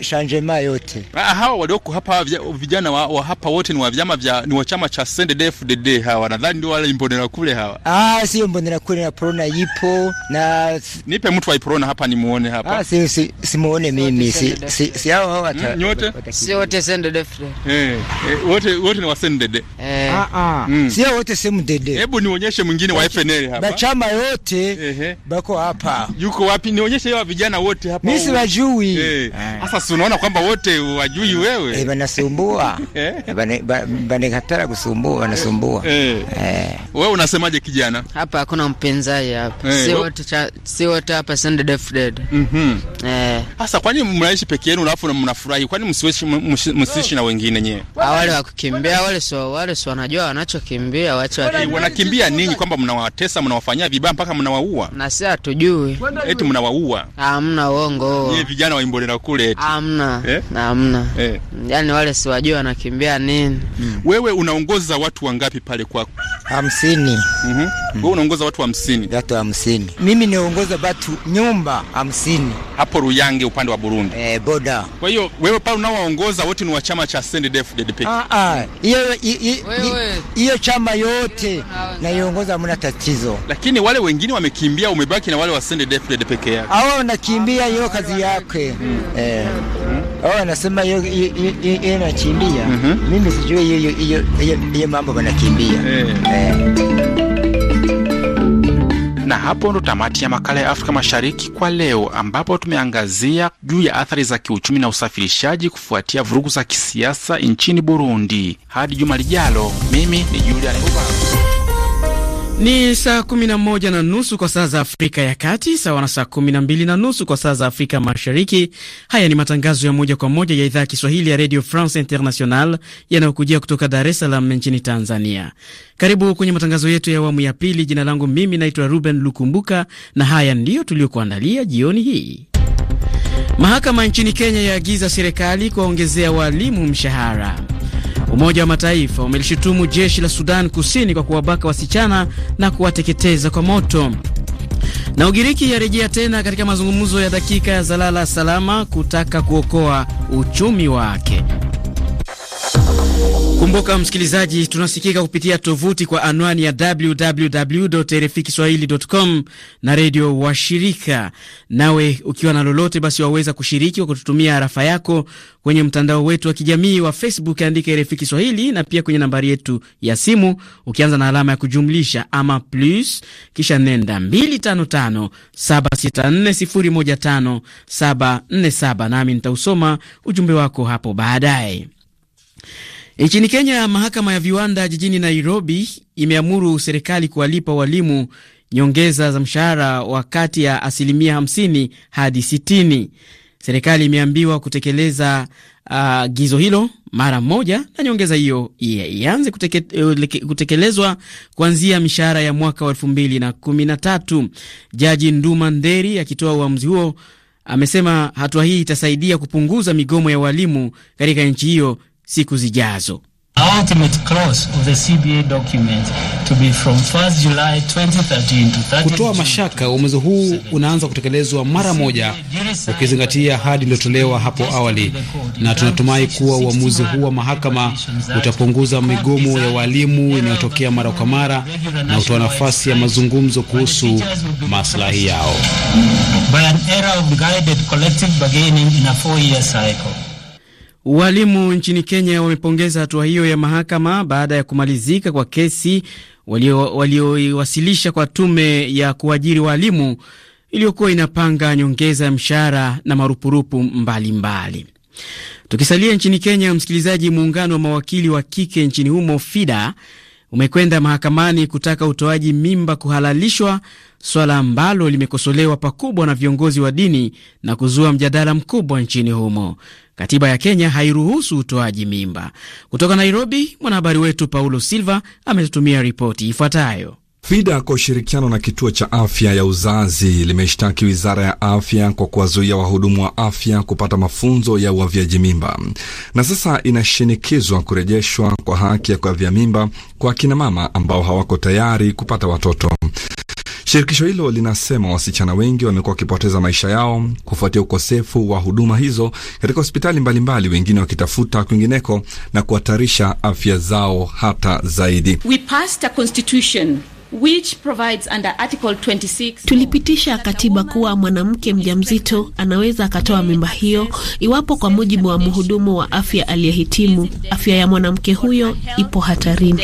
[SPEAKER 4] chanjema yote.
[SPEAKER 3] Ah, hawa walioko hapa vijana wa, wa hapa wote wote ni wa vyama vya ni wa chama cha CNDD-FDD hawa, nadhani ndio wale Imbonera kule hawa.
[SPEAKER 4] Ah, sio Imbonera kule na Prona ipo na nipe mtu wa Prona hapa nimuone hapa. Ah, si si simuone mimi si si, si hao hao hata hmm, nyote si wote CNDD-FDD eh, eh, wote wote ni wa CNDD eh, ah ah mm. si wote CNDD. Hebu
[SPEAKER 3] nionyeshe mwingine wa FNL hapa, ba chama yote ehe, bako hapa. Yuko wapi? Nionyeshe yao vijana wote hapa, mimi siwajui. Eh. Sasa eh. Unaona kwamba wote wajui eh, wewe eh, bana,
[SPEAKER 4] sumbua eh bana banekatara kusumbua, wanasumbua. Eh. Eh. eh,
[SPEAKER 1] Wewe unasemaje kijana? Hapa hakuna mpinzani eh. hapa, si wote hapa send deaf dead.
[SPEAKER 3] Mhm. Eh. Sasa kwani mnaishi peke yenu alafu mnafurahi? Kwani msiishi na wengine nyewe?
[SPEAKER 1] Wale wa kukimbia wale sio wale sio wanajua wanachokimbia, wacha wakimbia. Wanakimbia
[SPEAKER 3] nini? Kwamba mnawatesa, mnawafanyia vibaya mpaka mnawaua?
[SPEAKER 1] Na sisi hatujui.
[SPEAKER 3] Eti mnawaua?
[SPEAKER 1] Hamna uongo. Yeye
[SPEAKER 3] vijana wa Imbolela kule eti.
[SPEAKER 1] Hamna. Hamna. Yaani wale siwajua wanakimbia nini? Amen.
[SPEAKER 3] Mm. Wewe unaongoza watu wangapi pale kwako? Hamsini. Mhm. Mm mm. Wewe unaongoza watu hamsini. Watu hamsini. Mimi naongoza watu nyumba hamsini. Hapo Ruyange upande wa Burundi. Eh, boda. Kwa hiyo wewe pale unaoongoza wote ni wa chama cha CNDD-FDD. Ah
[SPEAKER 4] ah. Hiyo hiyo chama yote naiongoza mna tatizo.
[SPEAKER 3] Lakini wale wengine wamekimbia, umebaki na wale wa CNDD-FDD peke yake.
[SPEAKER 4] Hao wanakimbia, hiyo kazi yake. Mm. Eh. Mm. Hao wanasema hiyo inachimbia. Mm -hmm. Mimi sijui hiyo mambo wanakimbia eh. eh.
[SPEAKER 3] Na hapo ndo tamati ya makala ya Afrika Mashariki kwa leo, ambapo tumeangazia juu ya athari za kiuchumi na usafirishaji kufuatia vurugu za kisiasa
[SPEAKER 1] nchini Burundi. Hadi juma lijalo, mimi ni Julian
[SPEAKER 10] Rubavu.
[SPEAKER 1] Ni saa 11 na nusu kwa saa za Afrika ya Kati, sawa na saa 12 na nusu kwa saa za Afrika Mashariki. Haya ni matangazo ya moja kwa moja ya idhaa ya Kiswahili ya Radio France International yanayokujia kutoka Dar es Salaam nchini Tanzania. Karibu kwenye matangazo yetu ya awamu ya pili. Jina langu mimi naitwa Ruben Lukumbuka, na haya ndiyo tuliyokuandalia jioni hii. Mahakama nchini Kenya yaagiza serikali kuwaongezea walimu mshahara. Umoja wa Mataifa umelishutumu jeshi la Sudan Kusini kwa kuwabaka wasichana na kuwateketeza kwa moto. Na Ugiriki yarejea tena katika mazungumzo ya dakika ya zalala salama kutaka kuokoa uchumi wake. Kumbuka msikilizaji, tunasikika kupitia tovuti kwa anwani ya www RFI kiswahilicom na redio washirika. Nawe ukiwa na lolote, basi waweza kushiriki kwa kututumia arafa yako kwenye mtandao wetu wa kijamii wa Facebook, andika RFI Kiswahili, na pia kwenye nambari yetu ya simu ukianza na alama ya kujumlisha ama plus, kisha nenda 255764015747, nami nitausoma ujumbe wako hapo baadaye. Nchini Kenya, mahakama ya viwanda jijini Nairobi imeamuru serikali kuwalipa walimu nyongeza za mshahara wa kati ya asilimia 50 hadi 60. Serikali imeambiwa kutekeleza uh, gizo hilo mara moja na nyongeza hiyo ianze kuteke, kutekelezwa kuanzia mishahara ya mwaka wa na tatu. Jaji Nduma Nderi akitoa uamuzi huo amesema hatua hii itasaidia kupunguza migomo ya walimu katika nchi hiyo siku zijazo. Kutoa mashaka, uamuzi huu unaanza kutekelezwa mara moja, ukizingatia hadi iliyotolewa hapo awali, na tunatumai kuwa uamuzi huu wa mahakama utapunguza migomo ya walimu inayotokea mara kwa mara na utoa nafasi ya mazungumzo kuhusu maslahi yao. Walimu nchini Kenya wamepongeza hatua hiyo ya mahakama baada ya kumalizika kwa kesi walioiwasilisha kwa tume ya kuajiri walimu iliyokuwa inapanga nyongeza ya mshahara na marupurupu mbalimbali mbali. Tukisalia nchini Kenya, msikilizaji, muungano wa mawakili wa kike nchini humo FIDA umekwenda mahakamani kutaka utoaji mimba kuhalalishwa, swala ambalo limekosolewa pakubwa na viongozi wa dini na kuzua mjadala mkubwa nchini humo. Katiba ya Kenya hairuhusu utoaji mimba. Kutoka Nairobi, mwanahabari wetu Paulo Silva ametutumia ripoti ifuatayo.
[SPEAKER 2] FIDA kwa ushirikiano na kituo cha afya ya uzazi limeshtaki wizara ya afya kwa kuwazuia wahudumu wa afya kupata mafunzo ya uavyaji mimba, na sasa inashinikizwa kurejeshwa kwa haki ya kuavya mimba kwa akinamama ambao hawako tayari kupata watoto. Shirikisho hilo linasema wasichana wengi wamekuwa wakipoteza maisha yao kufuatia ukosefu wa huduma hizo katika hospitali mbalimbali, wengine wakitafuta kwingineko na kuhatarisha afya zao hata zaidi.
[SPEAKER 6] We passed a constitution. Which provides under Article 26. Tulipitisha katiba kuwa mwanamke mjamzito anaweza akatoa mimba hiyo iwapo kwa mujibu wa mhudumu wa afya aliyehitimu afya ya mwanamke huyo ipo hatarini.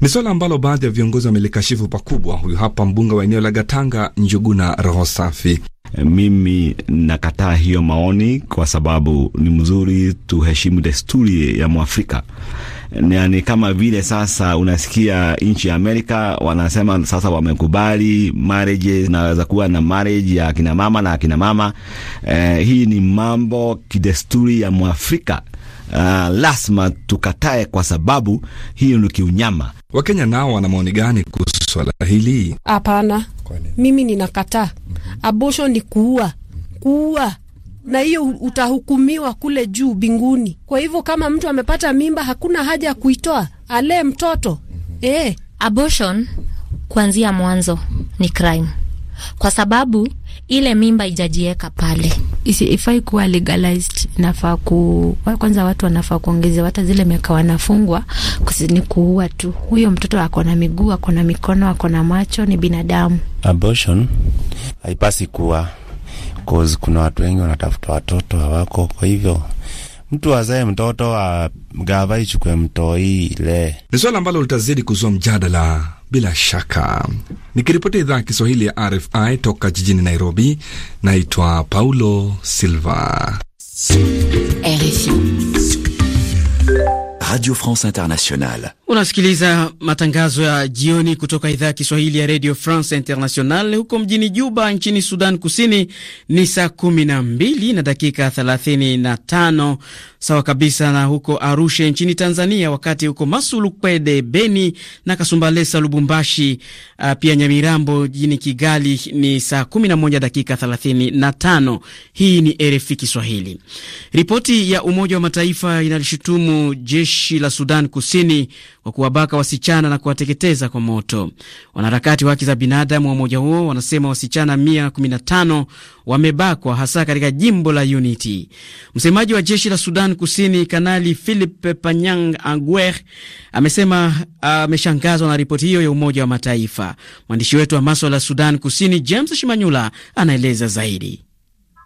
[SPEAKER 2] Ni swala ambalo baadhi ya viongozi wamelikashifu pakubwa. Huyu hapa mbunge wa eneo la Gatanga,
[SPEAKER 5] Njuguna Roho Safi. Eh, mimi nakataa hiyo maoni kwa sababu ni mzuri, tuheshimu desturi ya Mwafrika yani kama vile
[SPEAKER 7] sasa unasikia nchi ya Amerika wanasema sasa wamekubali marriage, naweza kuwa na marriage ya akina mama na akina mama. Eh, hii ni mambo kidesturi ya Mwafrika. Uh, lazima tukatae kwa sababu hiyo ni kiunyama. Wakenya nao wana maoni gani kuhusu swala hili?
[SPEAKER 1] Hapana, mimi ninakataa. Mhm. Abosho ni kuua, kuua na hiyo utahukumiwa kule juu binguni. Kwa hivyo kama mtu amepata mimba, hakuna haja ya kuitoa, alee
[SPEAKER 6] mtoto eh. Abortion kuanzia mwanzo ni crime, kwa sababu ile mimba ijajieka pale, ifai kuwa legalized. Nafaa ku kwanza, watu wanafaa kuongezewa hata zile miaka wanafungwa, ni kuua tu. Huyo mtoto ako na miguu, ako na mikono, ako na macho, ni binadamu.
[SPEAKER 3] Abortion haipasi kuwa cause kuna watu wengi wanatafuta watoto hawako. Kwa
[SPEAKER 5] hivyo mtu azae mtoto agava ichukue ile. Ni swala ambalo litazidi kuzua mjadala bila shaka. Nikiripoti idhaa ya Kiswahili ya RFI
[SPEAKER 2] toka jijini Nairobi, naitwa Paulo Silva
[SPEAKER 1] RFI.
[SPEAKER 3] Radio France Internationale.
[SPEAKER 1] Unasikiliza matangazo ya jioni kutoka idhaa ya Kiswahili ya Radio France Internationale. Huko mjini Juba nchini Sudan Kusini ni saa 12 na dakika 35 Sawa kabisa na huko Arusha nchini Tanzania, wakati huko Masulu, Kwede, Beni na Kasumbalesa, Lubumbashi, uh, pia Nyamirambo jijini Kigali ni saa kumi na moja dakika thelathini na tano. Hii ni RFI Kiswahili. Ripoti ya Umoja wa Mataifa inalishutumu jeshi la Sudan Kusini kwa kuwabaka wasichana na kuwateketeza kwa moto. Wanaharakati wa haki za binadamu wa umoja huo wanasema wasichana mia kumi na tano wamebakwa hasa katika jimbo la Unity. Msemaji wa jeshi la Sudan Sudan Kusini, Kanali Philip Panyang anguer amesema ameshangazwa uh, na ripoti hiyo ya Umoja wa Mataifa. Mwandishi wetu wa maswala ya Sudan Kusini James Shimanyula anaeleza zaidi.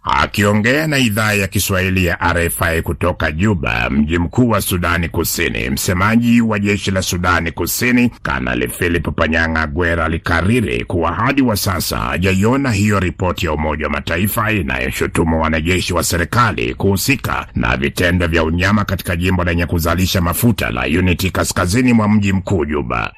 [SPEAKER 10] Akiongea na idhaa ya Kiswahili ya RFI kutoka Juba, mji mkuu wa Sudani Kusini, msemaji wa jeshi la Sudani Kusini Kanali Philip Panyanga Gwera alikariri kuwa hadi wa sasa hajaiona hiyo ripoti ya Umoja wa Mataifa inayoshutumu wanajeshi wa serikali kuhusika na vitendo vya unyama katika jimbo lenye kuzalisha mafuta la Unity kaskazini mwa mji mkuu Juba.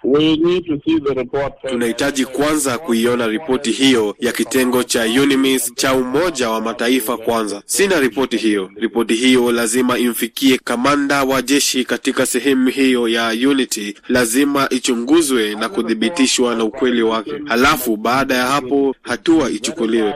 [SPEAKER 3] Tunahitaji kwanza kuiona ripoti hiyo ya kitengo cha UNMISS cha Umoja wa taifa kwanza. Sina ripoti hiyo. Ripoti hiyo lazima imfikie kamanda wa jeshi katika sehemu hiyo ya Unity, lazima ichunguzwe na kuthibitishwa na ukweli wake, halafu baada ya hapo hatua ichukuliwe.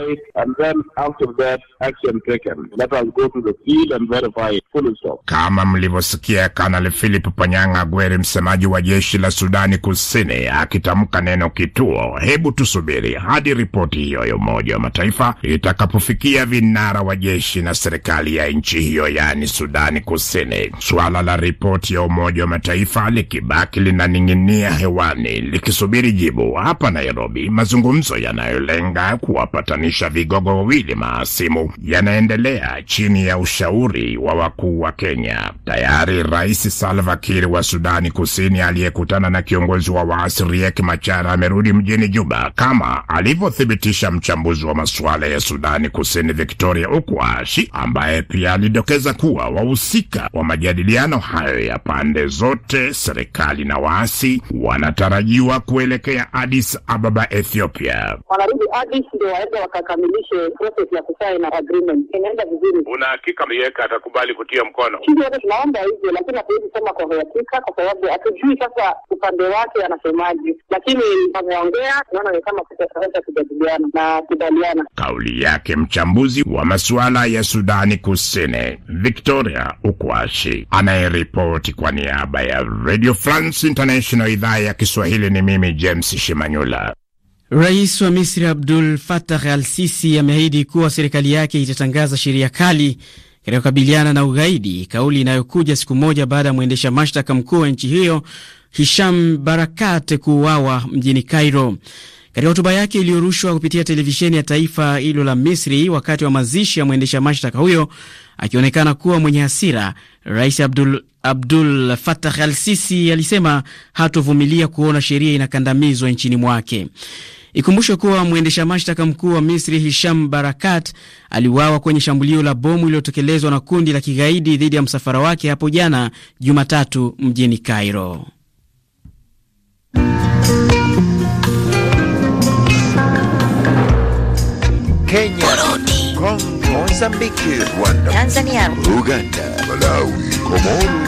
[SPEAKER 10] Kama mlivyosikia Kanali Philip Panyanga Gweri, msemaji wa jeshi la Sudani Kusini, akitamka neno kituo. Hebu tusubiri hadi ripoti hiyo ya Umoja wa Mataifa itakapofikia vinara wa jeshi na serikali ya nchi hiyo, yaani Sudani Kusini. Suala la ripoti ya Umoja wa Mataifa likibaki linaning'inia hewani likisubiri jibu. Hapa Nairobi, mazungumzo yanayolenga kuwapatanisha vigogo wawili maasimu yanaendelea chini ya ushauri wa wakuu wa Kenya. Tayari Rais Salva Kiir wa Sudani Kusini aliyekutana na kiongozi wa waasi Riek Machar amerudi mjini Juba kama alivyothibitisha mchambuzi wa masuala ya Sudani Kusini Victoria Ukwashi ambaye pia alidokeza kuwa wahusika wa majadiliano hayo ya pande zote, serikali na waasi, wanatarajiwa kuelekea Addis Ababa, Ethiopia.
[SPEAKER 9] Wanarudi Addis ndio waende wakakamilishe process ya kusaini agreement. Inaenda vizuri, una
[SPEAKER 10] hakika Mieka atakubali kutia mkono?
[SPEAKER 2] tunaomba hivyo, lakini hatuwezi sema kwa uhakika kwa sababu hatujui sasa upande wake anasemaje, lakini ameongea, tunaona ni kama tutaweza kujadiliana
[SPEAKER 10] na kubaliana kauli yake mchambuzi mchambuzi wa masuala ya Sudani Kusini Victoria Ukwashi anayeripoti kwa niaba ya Radio France International idhaa ya Kiswahili. Ni mimi James Shimanyula.
[SPEAKER 1] Rais wa Misri Abdul fatah Al Sisi ameahidi kuwa serikali yake itatangaza sheria kali inayokabiliana na ugaidi, kauli inayokuja siku moja baada ya mwendesha mashtaka mkuu wa nchi hiyo Hisham Barakat kuuawa mjini Cairo. Katika hotuba yake iliyorushwa kupitia televisheni ya taifa hilo la Misri wakati wa mazishi ya mwendesha mashtaka huyo akionekana kuwa mwenye hasira, Rais Abdul, Abdul Fatah al-Sisi alisema hatovumilia kuona sheria inakandamizwa nchini mwake. Ikumbushwe kuwa mwendesha mashtaka mkuu wa Misri Hisham Barakat aliuawa kwenye shambulio la bomu iliyotekelezwa na kundi la kigaidi dhidi ya msafara wake hapo jana Jumatatu mjini Cairo.
[SPEAKER 4] Kenya, Burundi, Congo, Mozambiki, Rwanda,
[SPEAKER 7] Tanzania,
[SPEAKER 10] Uganda, Malawi, Komoro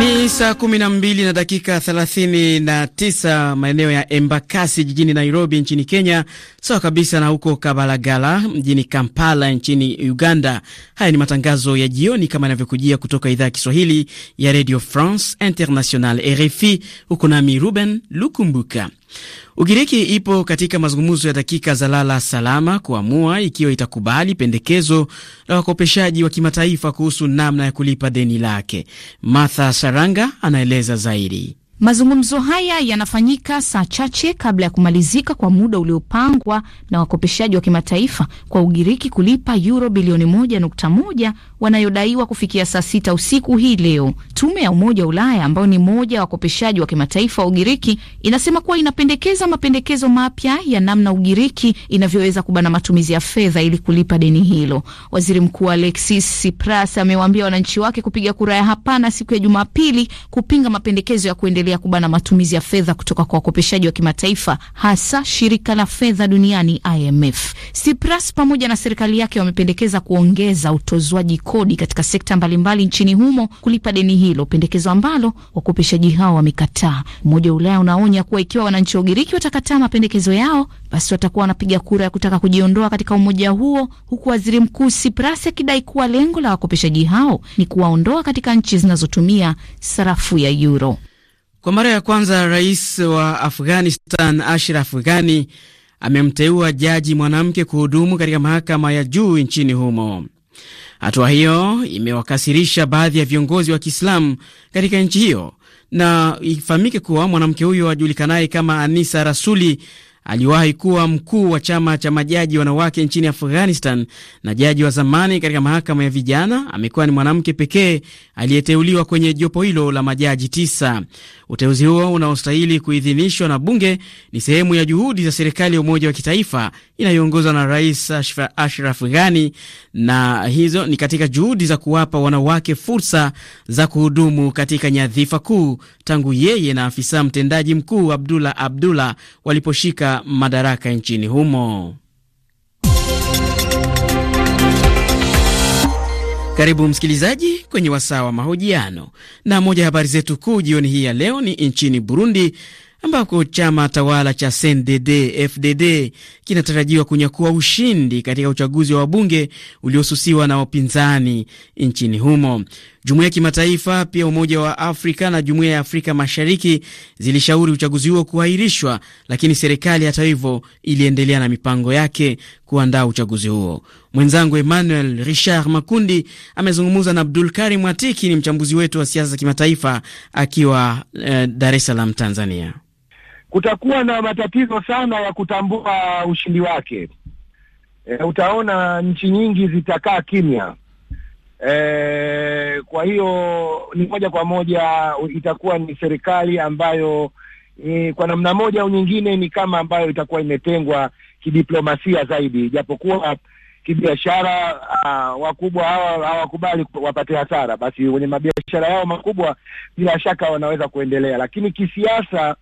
[SPEAKER 1] Ni saa kumi na mbili na dakika na tisa maeneo ya Embakasi jijini Nairobi nchini Kenya, sawa kabisa na huko Kabalagala mjini Kampala nchini Uganda. Haya ni matangazo ya jioni kama inavyokujia kutoka idhaa ya Kiswahili ya Radio France International, RFI. Huko nami Ruben Lukumbuka. Ugiriki ipo katika mazungumzo ya dakika za lala salama kuamua ikiwa itakubali pendekezo la wakopeshaji wa kimataifa kuhusu namna ya kulipa deni lake. Martha Saranga anaeleza zaidi.
[SPEAKER 6] Mazungumzo haya yanafanyika saa chache kabla ya kumalizika kwa muda uliopangwa na wakopeshaji wa kimataifa kwa Ugiriki kulipa yuro bilioni moja nukta moja wanayodaiwa kufikia saa sita usiku hii leo. Tume ya Umoja wa Ulaya ambayo ni moja ya wakopeshaji wa kimataifa wa Ugiriki inasema kuwa inapendekeza mapendekezo mapya ya namna Ugiriki inavyoweza kubana matumizi ya fedha ili kulipa deni hilo. Waziri Mkuu Alexis Tsipras amewaambia wananchi wake kupiga kura ya hapana siku ya Jumapili kupinga mapendekezo ya kuendelea serikali kuba na matumizi ya fedha kutoka kwa wakopeshaji wa kimataifa hasa shirika la fedha duniani IMF. Tsipras pamoja na serikali yake wamependekeza kuongeza utozwaji kodi katika sekta mbalimbali nchini humo kulipa deni hilo, pendekezo ambalo wakopeshaji hao wamekataa. Umoja wa Ulaya unaonya kuwa ikiwa wananchi wa Ugiriki watakataa mapendekezo yao, basi watakuwa wanapiga kura ya kutaka kujiondoa katika umoja huo, huku waziri mkuu Tsipras akidai kuwa lengo la wakopeshaji hao ni kuwaondoa katika nchi zinazotumia sarafu ya euro.
[SPEAKER 1] Kwa mara ya kwanza rais wa Afghanistan Ashraf Ghani amemteua jaji mwanamke kuhudumu katika mahakama ya juu nchini humo. Hatua hiyo imewakasirisha baadhi ya viongozi wa Kiislamu katika nchi hiyo, na ifahamike kuwa mwanamke huyo ajulikanaye kama Anisa Rasuli aliwahi kuwa mkuu wa chama cha majaji wanawake nchini Afghanistan na jaji wa zamani katika mahakama ya vijana. Amekuwa ni mwanamke pekee aliyeteuliwa kwenye jopo hilo la majaji tisa. Uteuzi huo unaostahili kuidhinishwa na bunge ni sehemu ya juhudi za serikali ya umoja wa kitaifa inayoongozwa na Rais Ashraf Ghani, na hizo ni katika juhudi za kuwapa wanawake fursa za kuhudumu katika nyadhifa kuu tangu yeye na afisa mtendaji mkuu Abdullah Abdullah waliposhika madaraka nchini humo. Karibu msikilizaji kwenye wasaa wa mahojiano, na moja ya habari zetu kuu jioni hii ya leo ni nchini Burundi ambako chama tawala cha CNDD FDD kinatarajiwa kunyakua ushindi katika uchaguzi wa wabunge uliosusiwa na wapinzani nchini humo. Jumuiya ya kimataifa pia Umoja wa Afrika na Jumuiya ya Afrika Mashariki zilishauri uchaguzi huo kuahirishwa, lakini serikali hata hivyo iliendelea na mipango yake kuandaa uchaguzi huo. Mwenzangu Emmanuel Richard Makundi amezungumza na Abdul Karim Atiki, ni mchambuzi wetu wa siasa za kimataifa akiwa eh, Dar es Salaam, Tanzania
[SPEAKER 2] kutakuwa na matatizo sana ya kutambua ushindi wake. E, utaona nchi nyingi zitakaa kimya. E, kwa hiyo ni moja kwa moja itakuwa ni serikali ambayo e, kwa namna moja au nyingine ni kama ambayo itakuwa imetengwa kidiplomasia zaidi, japokuwa kibiashara uh, wakubwa hawa hawakubali wapate hasara, basi wenye mabiashara yao makubwa bila shaka wanaweza kuendelea, lakini kisiasa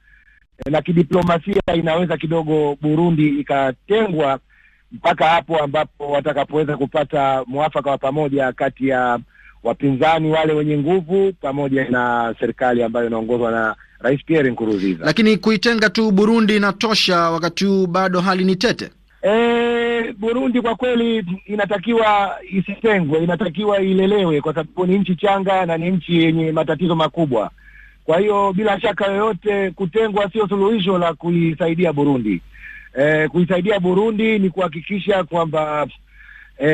[SPEAKER 2] na kidiplomasia inaweza kidogo Burundi ikatengwa mpaka hapo ambapo watakapoweza kupata mwafaka wa pamoja kati ya wapinzani wale wenye nguvu pamoja na serikali ambayo inaongozwa na Rais Pierre Nkurunziza.
[SPEAKER 7] Lakini kuitenga tu Burundi inatosha wakati huu bado hali ni tete.
[SPEAKER 2] E, Burundi kwa kweli inatakiwa isitengwe, inatakiwa ilelewe kwa sababu ni nchi changa na ni nchi yenye matatizo makubwa kwa hiyo bila shaka yoyote, kutengwa sio suluhisho la kuisaidia Burundi. E, kuisaidia Burundi ni kuhakikisha kwamba e,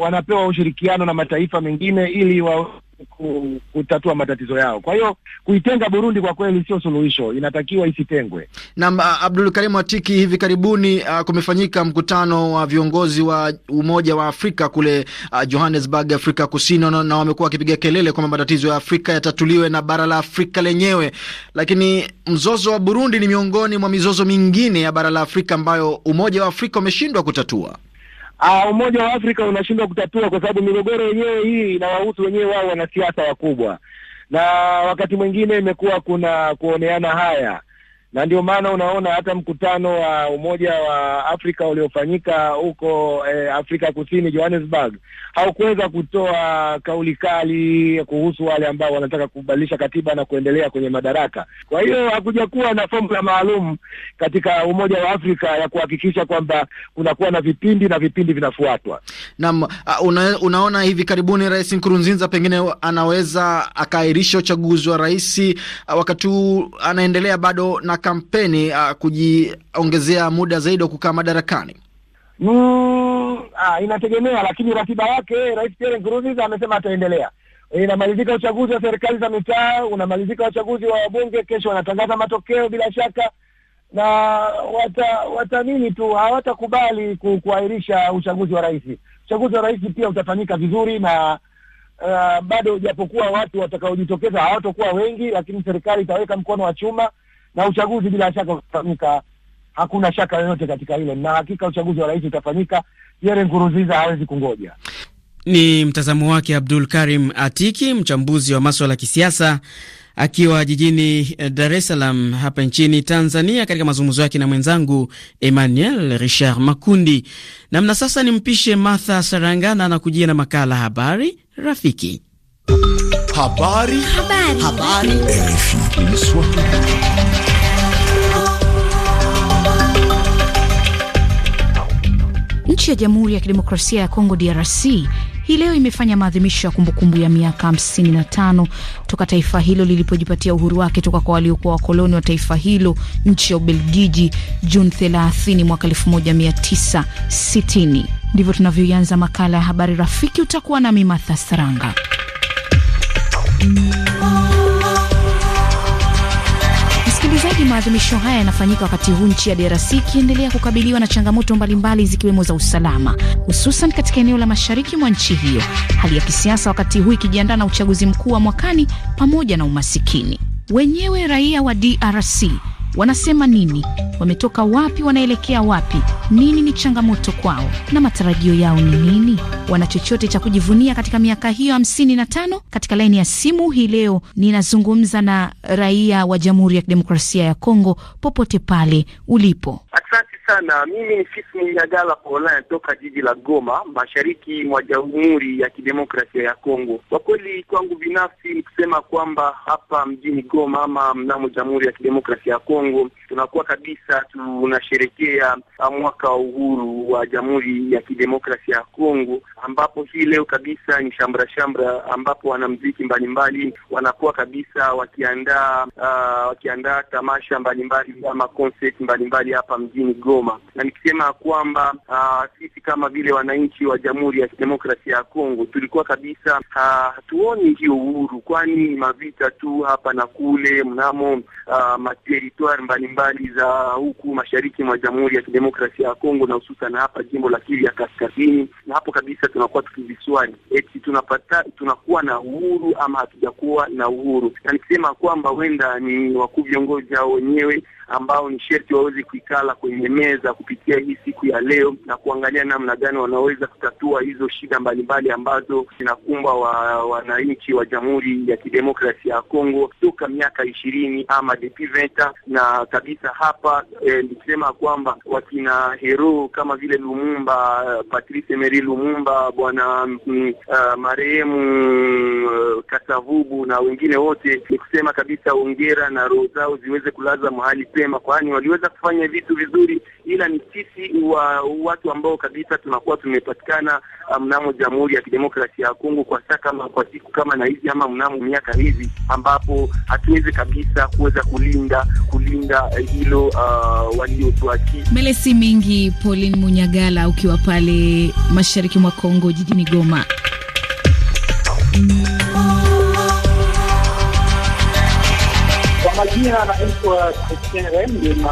[SPEAKER 2] wanapewa ushirikiano na mataifa mengine ili wa kutatua matatizo yao. Kwa hiyo kuitenga
[SPEAKER 7] Burundi kwa kweli sio suluhisho, inatakiwa isitengwe. Naam, Abdul Karim watiki hivi karibuni uh, kumefanyika mkutano wa viongozi wa Umoja wa Afrika kule uh, Johannesburg, Afrika Kusini, na, na wamekuwa wakipiga kelele kwamba matatizo ya Afrika yatatuliwe na bara la Afrika lenyewe, lakini mzozo wa Burundi ni miongoni mwa mizozo mingine ya bara la Afrika ambayo Umoja wa Afrika umeshindwa kutatua. Uh, Umoja
[SPEAKER 2] wa Afrika unashindwa kutatua kwa sababu migogoro yenyewe hii inawahusu wenyewe wao wanasiasa wakubwa, na wakati mwingine imekuwa kuna kuoneana haya na ndio maana unaona hata mkutano wa Umoja wa Afrika uliofanyika huko eh, Afrika Kusini, Johannesburg, haukuweza kutoa kauli kali kuhusu wale ambao wanataka kubadilisha katiba na kuendelea kwenye madaraka. Kwa hiyo hakuja kuwa na fomula maalum katika Umoja wa Afrika ya
[SPEAKER 7] kuhakikisha kwamba kunakuwa na vipindi na vipindi vinafuatwa. Naam, una, unaona hivi karibuni Rais Nkurunziza pengine anaweza akaahirisha uchaguzi wa rais wakati huu anaendelea bado na kampeni uh, kujiongezea muda zaidi wa kukaa madarakani?
[SPEAKER 2] Mm, ah, inategemea, lakini ratiba yake Rais Pierre Nkurunziza amesema ataendelea. Inamalizika uchaguzi wa serikali za mitaa, unamalizika uchaguzi wa wabunge, kesho wanatangaza matokeo bila shaka, na wata, watanini tu hawatakubali ku, kuahirisha uchaguzi wa rais. Uchaguzi wa rais pia utafanyika vizuri na uh, bado japokuwa watu watakaojitokeza hawatokuwa wengi, lakini serikali itaweka mkono wa chuma na uchaguzi bila shaka utafanyika, hakuna shaka yoyote katika hilo, na hakika uchaguzi wa rais utafanyika. Yere Nguruziza hawezi kungoja.
[SPEAKER 1] Ni mtazamo wake Abdul Karim Atiki, mchambuzi wa maswala ya kisiasa akiwa jijini eh, Dar es Salaam hapa nchini Tanzania, katika mazungumzo yake na mwenzangu Emmanuel Richard Makundi. Namna sasa nimpishe Martha Sarangana na kujia na makala habari rafiki. Habari. Habari. Habari. Habari.
[SPEAKER 6] Nchi ya Jamhuri ya Kidemokrasia ya Kongo, DRC, hii leo imefanya maadhimisho ya kumbukumbu ya miaka 55 toka taifa hilo lilipojipatia uhuru wake toka kwa waliokuwa wakoloni wa taifa hilo, nchi ya Ubelgiji, Juni 30 mwaka 1960. Ndivyo tunavyoianza makala ya habari rafiki. Utakuwa nami Martha Saranga. Msikilizaji, maadhimisho haya yanafanyika wakati huu nchi ya DRC ikiendelea kukabiliwa na changamoto mbalimbali zikiwemo za usalama, hususan katika eneo la mashariki mwa nchi hiyo, hali ya kisiasa wakati huu ikijiandaa na uchaguzi mkuu wa mwakani, pamoja na umasikini. Wenyewe raia wa DRC wanasema nini, wametoka wapi, wanaelekea wapi, nini ni changamoto kwao na matarajio yao ni nini, wana chochote cha kujivunia katika miaka hiyo hamsini na tano. Katika laini ya simu hii leo ninazungumza na raia wa Jamhuri ya Kidemokrasia ya Kongo, popote pale ulipo.
[SPEAKER 2] Asante sana. Mimi ni Fisi Nyagala Paulin toka jiji la Goma, mashariki mwa Jamhuri ya Kidemokrasia ya Kongo. Kwa kweli kwangu binafsi ni kusema kwamba hapa mjini Goma ama mnamo Jamhuri ya Kidemokrasia ya Kongo tunakuwa kabisa tunasherekea mwaka wa uhuru wa Jamhuri ya Kidemokrasia ya Kongo, ambapo hii leo kabisa ni shamra shamra, ambapo wanamziki mbalimbali wanakuwa kabisa wakiandaa uh, wakiandaa tamasha mbalimbali ama concert mbalimbali hapa mjini Goma. Goma, na nikisema kwamba uh, sisi kama vile wananchi wa Jamhuri ya Kidemokrasia ya Kongo tulikuwa kabisa ah, hatuoni hiyo uhuru, kwani ni mavita tu hapa na kule mnamo uh, ah, materitoire mbalimbali za huku mashariki mwa Jamhuri ya Kidemokrasia ya Kongo na hususan hapa jimbo la Kivu ya Kaskazini, na hapo kabisa tunakuwa tukiviswali eti tunapata tunakuwa na uhuru ama hatujakuwa na uhuru, na nikisema kwamba huenda ni wakuu viongozi hao wenyewe ambao ni sherti waweze kuikala kwenye kujipenyeza kupitia hii siku ya leo na kuangalia namna gani wanaweza kutatua hizo shida mbalimbali ambazo zinakumba wananchi wa, wa Jamhuri ya Kidemokrasia ya Kongo toka miaka ishirini ama depuis na kabisa hapa eh, kwamba wakina hero kama vile Lumumba, Patrice Emery Lumumba, bwana uh, marehemu uh, eh, Katavubu na wengine wote, ni kusema kabisa ongera na roho zao ziweze kulaza mahali pema, kwani waliweza kufanya vitu vizuri ila ni sisi wa, watu ambao kabisa tunakuwa tumepatikana uh, mnamo Jamhuri ya Kidemokrasia ya Kongo kwa saa kama kwa siku kama na hizi ama mnamo miaka hizi, ambapo hatuwezi kabisa kuweza kulinda kulinda hilo uh, waliotuachia.
[SPEAKER 6] Melesi mingi Pauline Munyagala, ukiwa pale mashariki mwa Kongo jijini Goma.
[SPEAKER 2] Jina anaitwa Christian Rembi,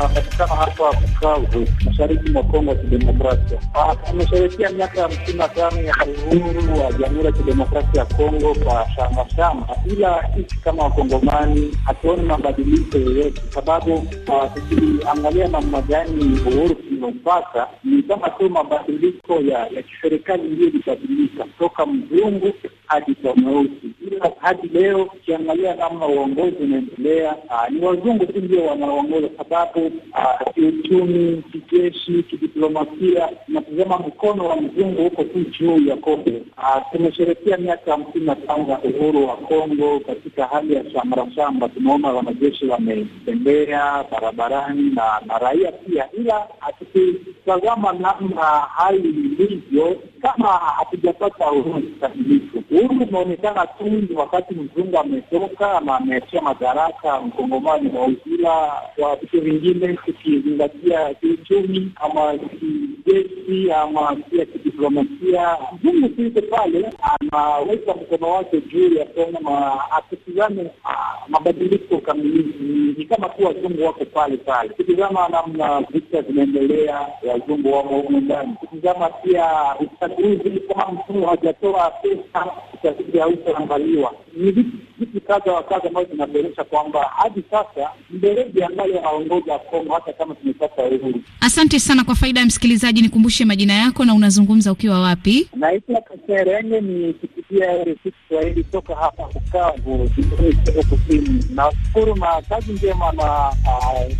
[SPEAKER 2] hapa Bukavu, mashariki mwa Kongo ya Kidemokrasia. Ah, tumesherehekea miaka hamsini na tano ya uhuru wa Jamhuri ya Kidemokrasia ya Kongo kwa shamba shamba, ila sisi kama Wakongomani hatuoni mabadiliko yoyote, sababu ah, tukiangalia namna gani uhuru tuliopata ni kama tu mabadiliko ya kiserikali ndiyo ilibadilika kutoka mzungu hadi kwa mweusi. Ila hadi leo ukiangalia kama uongozi unaendelea, ah, ni wazungu tu ndio wanaongoza, sababu ah, kiuchumi, kijeshi, kidiplomasia, tunatizama mkono wa mzungu huko tu juu ya Kongo. Ah, Tumesherehekea miaka hamsini na tano ya uhuru wa Kongo katika hali ya shamra shamra, tunaona wanajeshi wametembea barabarani na raia pia, ila hatukitazama namna hali ilivyo kama hatujapata uhuru kikamilifu. Uhuru umeonekana tu ni wakati mzungu ametoka ama ameachia madaraka, mkongomani wa uzula kwa vitu vingine, tukizingatia kiuchumi ama kijeshi ama pia kidiplomasia. Mzungu tuiko pale, anaweka mkono wake juu ya sema akitizame ah, mabadiliko kamilifu. Ni kama tu wazungu wako pale pale, tukizama namna vita zinaendelea, wazungu wamo humu ndani, tukizama pia uchaguzi kama mfumo hajatoa pesa, uchaguzi hautaangaliwa. Ni vitu kadha wa kadha ambayo vinavyoonyesha kwamba hadi sasa mbereji ambayo anaongoza Kongo hata kama tumepata uhuru.
[SPEAKER 6] Asante sana. Kwa faida ya msikilizaji, nikumbushe majina yako na unazungumza ukiwa wapi?
[SPEAKER 2] Naitwa Kaserenge ni kupitia RFI Kiswahili toka hapa Bukavu, Kivu Kusini. Nashukuru na kazi njema na ah,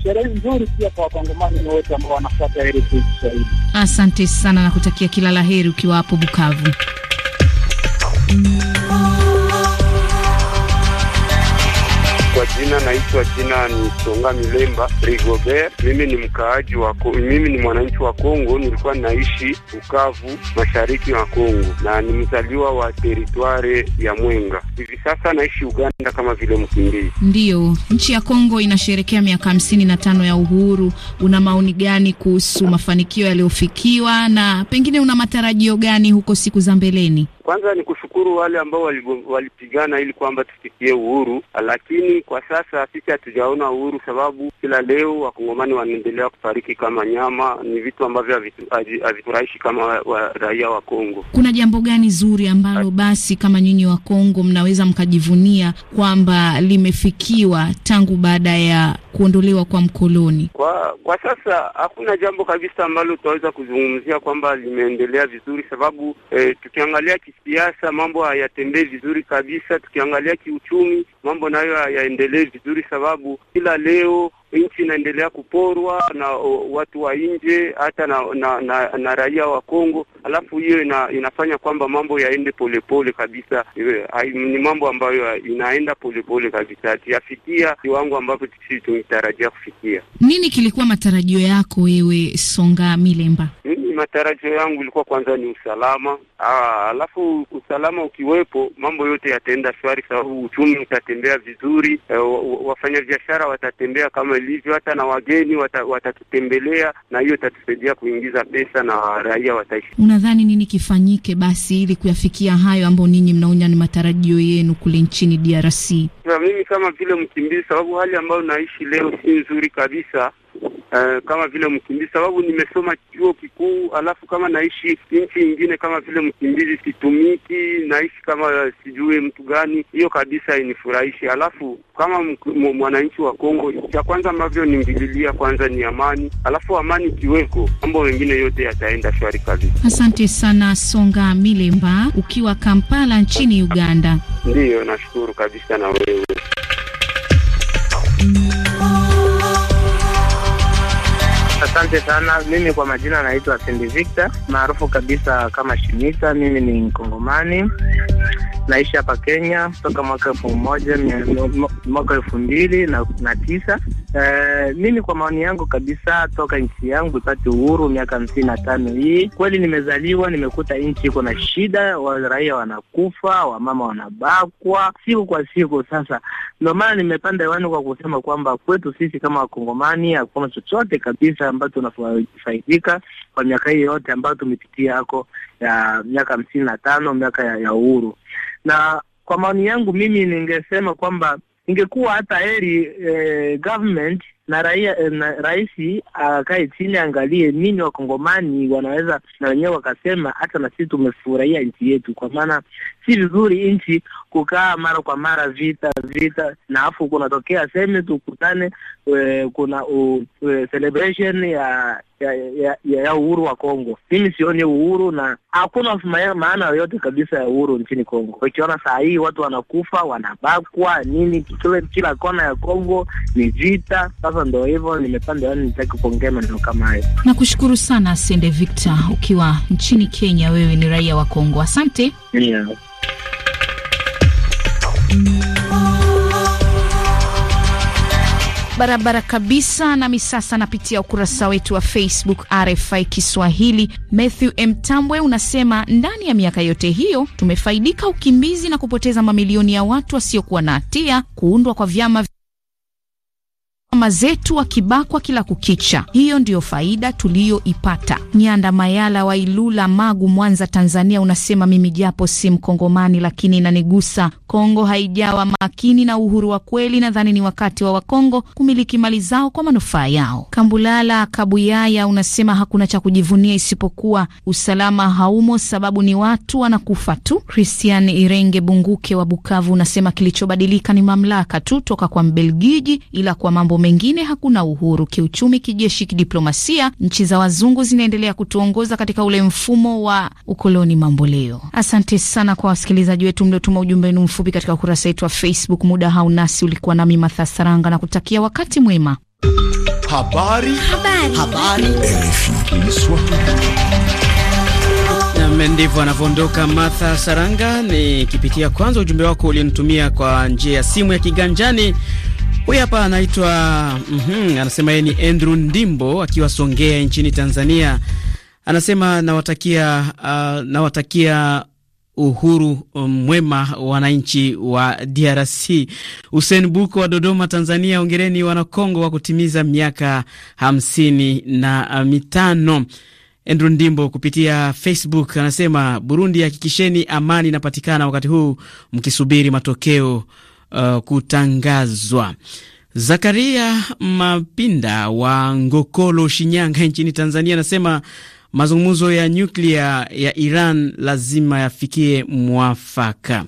[SPEAKER 2] sherehe nzuri pia kwa wakongomani wote ambao wanafuata RFI Kiswahili.
[SPEAKER 6] Asante sana na kutakia kila la heri ukiwa hapo Bukavu.
[SPEAKER 9] jina naitwa jina ni Songa Milemba Rigobert. Mimi ni mkaaji wa, mimi ni mwananchi wa Kongo, nilikuwa naishi Bukavu, mashariki wa Kongo, na ni mzaliwa wa teritware ya Mwenga. Hivi sasa naishi Uganda kama vile mkimbizi.
[SPEAKER 6] Ndiyo, nchi ya Kongo inasherekea miaka hamsini na tano ya uhuru. Una maoni gani kuhusu mafanikio yaliyofikiwa na pengine una matarajio gani huko siku za mbeleni?
[SPEAKER 9] Kwanza ni kushukuru wale ambao walipigana ili kwamba tufikie uhuru, lakini kwa sasa sisi hatujaona uhuru, sababu kila leo wakongomani wanaendelea kufariki kama nyama. Ni vitu ambavyo havifurahishi kama wa, raia wa Kongo.
[SPEAKER 6] Kuna jambo gani zuri ambalo basi kama nyinyi wa Kongo mnaweza mkajivunia kwamba limefikiwa tangu baada ya kuondolewa kwa mkoloni?
[SPEAKER 9] Kwa, kwa sasa hakuna jambo kabisa ambalo tunaweza kuzungumzia kwamba limeendelea vizuri, sababu eh, tukiangalia kisiasa mambo hayatembei vizuri kabisa. Tukiangalia kiuchumi, mambo nayo hayaendelee vizuri, sababu kila leo nchi inaendelea kuporwa na o, watu wa nje hata na, na, na, na raia wa Kongo, alafu hiyo ina, inafanya kwamba mambo yaende polepole kabisa. Ni mambo ambayo inaenda polepole kabisa, hatuyafikia kiwango ambavyo sisi tunitarajia kufikia.
[SPEAKER 6] Nini kilikuwa matarajio yako wewe, Songa Milemba?
[SPEAKER 9] Mimi matarajio yangu ilikuwa kwanza ni usalama. Aa, ah, alafu usalama ukiwepo mambo yote yataenda shwari, sababu uchumi utatembea vizuri, e, eh, wafanyabiashara watatembea kama walivyo, hata na wageni watatutembelea wata, na hiyo itatusaidia kuingiza pesa na raia wataishi.
[SPEAKER 6] Unadhani nini kifanyike basi ili kuyafikia hayo ambayo ninyi mnaonya ni matarajio yenu kule nchini DRC?
[SPEAKER 9] mimi kama vile mkimbizi, sababu hali ambayo naishi leo si nzuri kabisa Uh, kama vile mkimbizi sababu nimesoma chuo kikuu, alafu kama naishi nchi nyingine kama vile mkimbizi, situmiki, naishi kama sijui mtu gani, hiyo kabisa inifurahishi. Alafu kama mwananchi wa Kongo, cha kwanza ambavyo ningililia kwanza ni amani, alafu amani kiweko, mambo mengine yote yataenda shwari kabisa.
[SPEAKER 6] Asante sana Songa Milemba ukiwa Kampala nchini Uganda.
[SPEAKER 9] Ndiyo, nashukuru kabisa na wewe. Asante sana. Mimi kwa majina
[SPEAKER 8] naitwa Sendi Victor, maarufu kabisa kama Shimita. Mimi ni Mkongomani, naishi hapa Kenya toka mwaka elfu moja mwaka elfu mbili na, na tisa. Uh, mimi kwa maoni yangu kabisa, toka nchi yangu ipate uhuru miaka hamsini na tano hii, kweli nimezaliwa, nimekuta nchi iko na shida, waraia wanakufa, wamama wanabakwa siku kwa siku. Sasa ndio maana nimepanda hewani kwa kusema kwamba kwetu sisi kama Wakongomani hakuna chochote kabisa ambayo tunafaidika kwa miaka hii yote ambayo tumepitia hako ya miaka hamsini na tano miaka ya, ya uhuru. Na kwa maoni yangu mimi ningesema kwamba ingekuwa hata heri eh, government na raia eh, na rais akae chini angalie nini wakongomani wanaweza na wenyewe wakasema, hata na sisi tumefurahia nchi yetu, kwa maana si vizuri nchi kukaa mara kwa mara vita vita, na afu kunatokea seme tukutane, we, kuna u, we, celebration ya ya, ya, ya uhuru wa Kongo. Mimi sioni uhuru na hakuna maana yoyote kabisa ya uhuru nchini Kongo. Ukiona saa hii watu wanakufa, wanabakwa nini, kila, kila kona ya Kongo ni vita. Sasa ndo hivyo, nimepanda yani nitaki kuongea maneno kama hayo.
[SPEAKER 6] Nakushukuru sana Sende Victor, ukiwa nchini Kenya, wewe ni raia wa Kongo. Asante yeah barabara kabisa. Nami sasa napitia ukurasa wetu wa Facebook RFI Kiswahili. Matthew M Tambwe unasema ndani ya miaka yote hiyo tumefaidika ukimbizi na kupoteza mamilioni ya watu wasiokuwa na hatia, kuundwa kwa vyama mama zetu wakibakwa kila kukicha. Hiyo ndiyo faida tuliyoipata. Nyanda Mayala wa Ilula, Magu, Mwanza, Tanzania, unasema mimi japo si Mkongomani lakini inanigusa. Kongo haijawa makini na uhuru wa kweli, nadhani ni wakati wa Wakongo kumiliki mali zao kwa manufaa yao. Kambulala Kabuyaya unasema hakuna cha kujivunia isipokuwa usalama haumo, sababu ni watu wanakufa tu. Christian Irenge Bunguke wa Bukavu unasema kilichobadilika ni mamlaka tu toka kwa Mbelgiji, ila kwa mambo mengi mengine hakuna uhuru kiuchumi, kijeshi, kidiplomasia. Nchi za wazungu zinaendelea kutuongoza katika ule mfumo wa ukoloni mamboleo. Asante sana kwa wasikilizaji wetu mliotuma ujumbe wenu mfupi katika ukurasa wetu wa Facebook. Muda haunasi, ulikuwa nami Matha Saranga na kutakia wakati mwema.
[SPEAKER 1] Habari, habari, habari. Ndivyo anavyoondoka Martha Saranga, nikipitia kwanza ujumbe wako ulionitumia kwa njia ya simu ya kiganjani. Huyu hapa anaitwa mm -hmm, anasema yeye ni Andrew Ndimbo akiwa Songea nchini Tanzania. Anasema nawatakia, uh, nawatakia uhuru um, mwema wananchi wa DRC. Hussein Buko wa Dodoma, Tanzania, ongereni wanakongo wa kutimiza miaka hamsini na mitano. Andrew Ndimbo kupitia Facebook anasema Burundi, hakikisheni amani inapatikana wakati huu mkisubiri matokeo uh, kutangazwa. Zakaria Mapinda wa Ngokolo, Shinyanga nchini Tanzania anasema mazungumzo ya nyuklia ya Iran lazima yafikie mwafaka.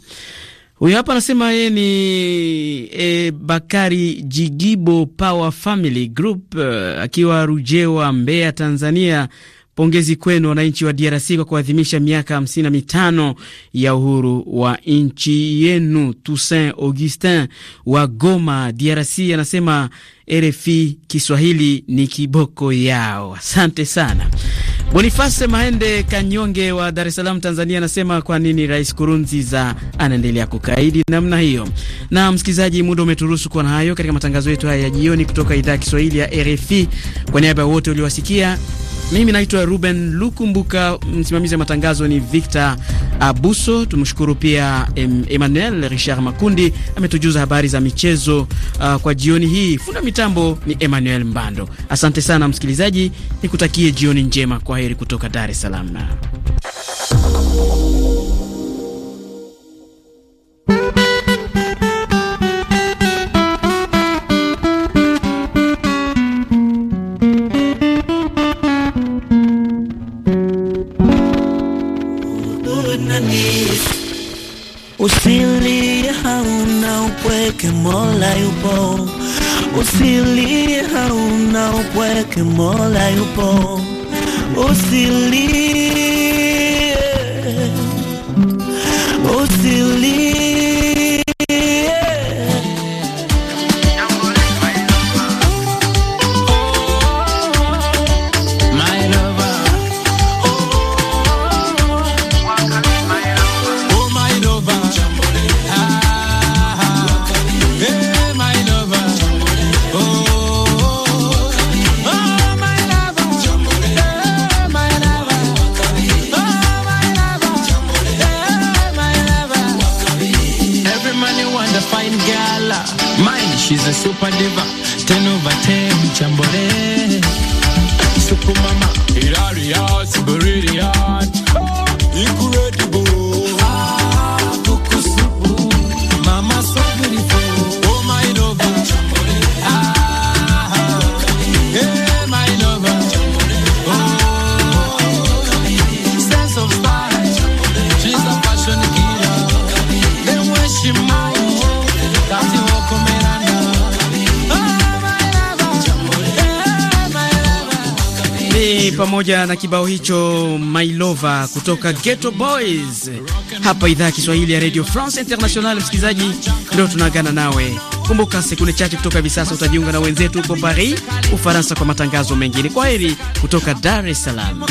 [SPEAKER 1] Huyo hapa anasema yeye ni e, Bakari Jigibo Power Family Group uh, akiwa Rujewa, Mbeya, Tanzania. Pongezi kwenu wananchi wa DRC kwa kuadhimisha miaka hamsini na mitano ya uhuru wa nchi yenu. Toussaint Augustin wa Goma, DRC, anasema RFI Kiswahili ni kiboko yao. Asante sana. Boniface Maende Kanyonge wa Dar es Salaam, Tanzania, anasema kwa nini Rais Kurunziza anaendelea kukaidi namna hiyo? Na msikilizaji, muda umeturuhusu kuwa na hayo katika matangazo yetu haya ya jioni kutoka idhaa ya Kiswahili ya RFI. Kwa niaba ya wote uliowasikia mimi naitwa Ruben Lukumbuka, msimamizi wa matangazo ni Victor Abuso. Tumshukuru pia Emmanuel Richard Makundi ametujuza habari za michezo uh, kwa jioni hii. Funda mitambo ni Emmanuel Mbando. Asante sana msikilizaji, nikutakie jioni njema. Kwa heri kutoka Dar es Salaam.
[SPEAKER 8] Usilie hauna upweke, Mola yupo. Usilie hauna upweke, Mola yupo. Usilie, usilie
[SPEAKER 1] kibao hicho My Lover kutoka Ghetto Boys hapa idhaa ya Kiswahili ya Radio France International. Msikilizaji, ndio tunaagana nawe. Kumbuka sekunde chache kutoka hivi sasa utajiunga na wenzetu huko Paris, Ufaransa, kwa matangazo mengine. Kwa heri kutoka Dar es Salaam.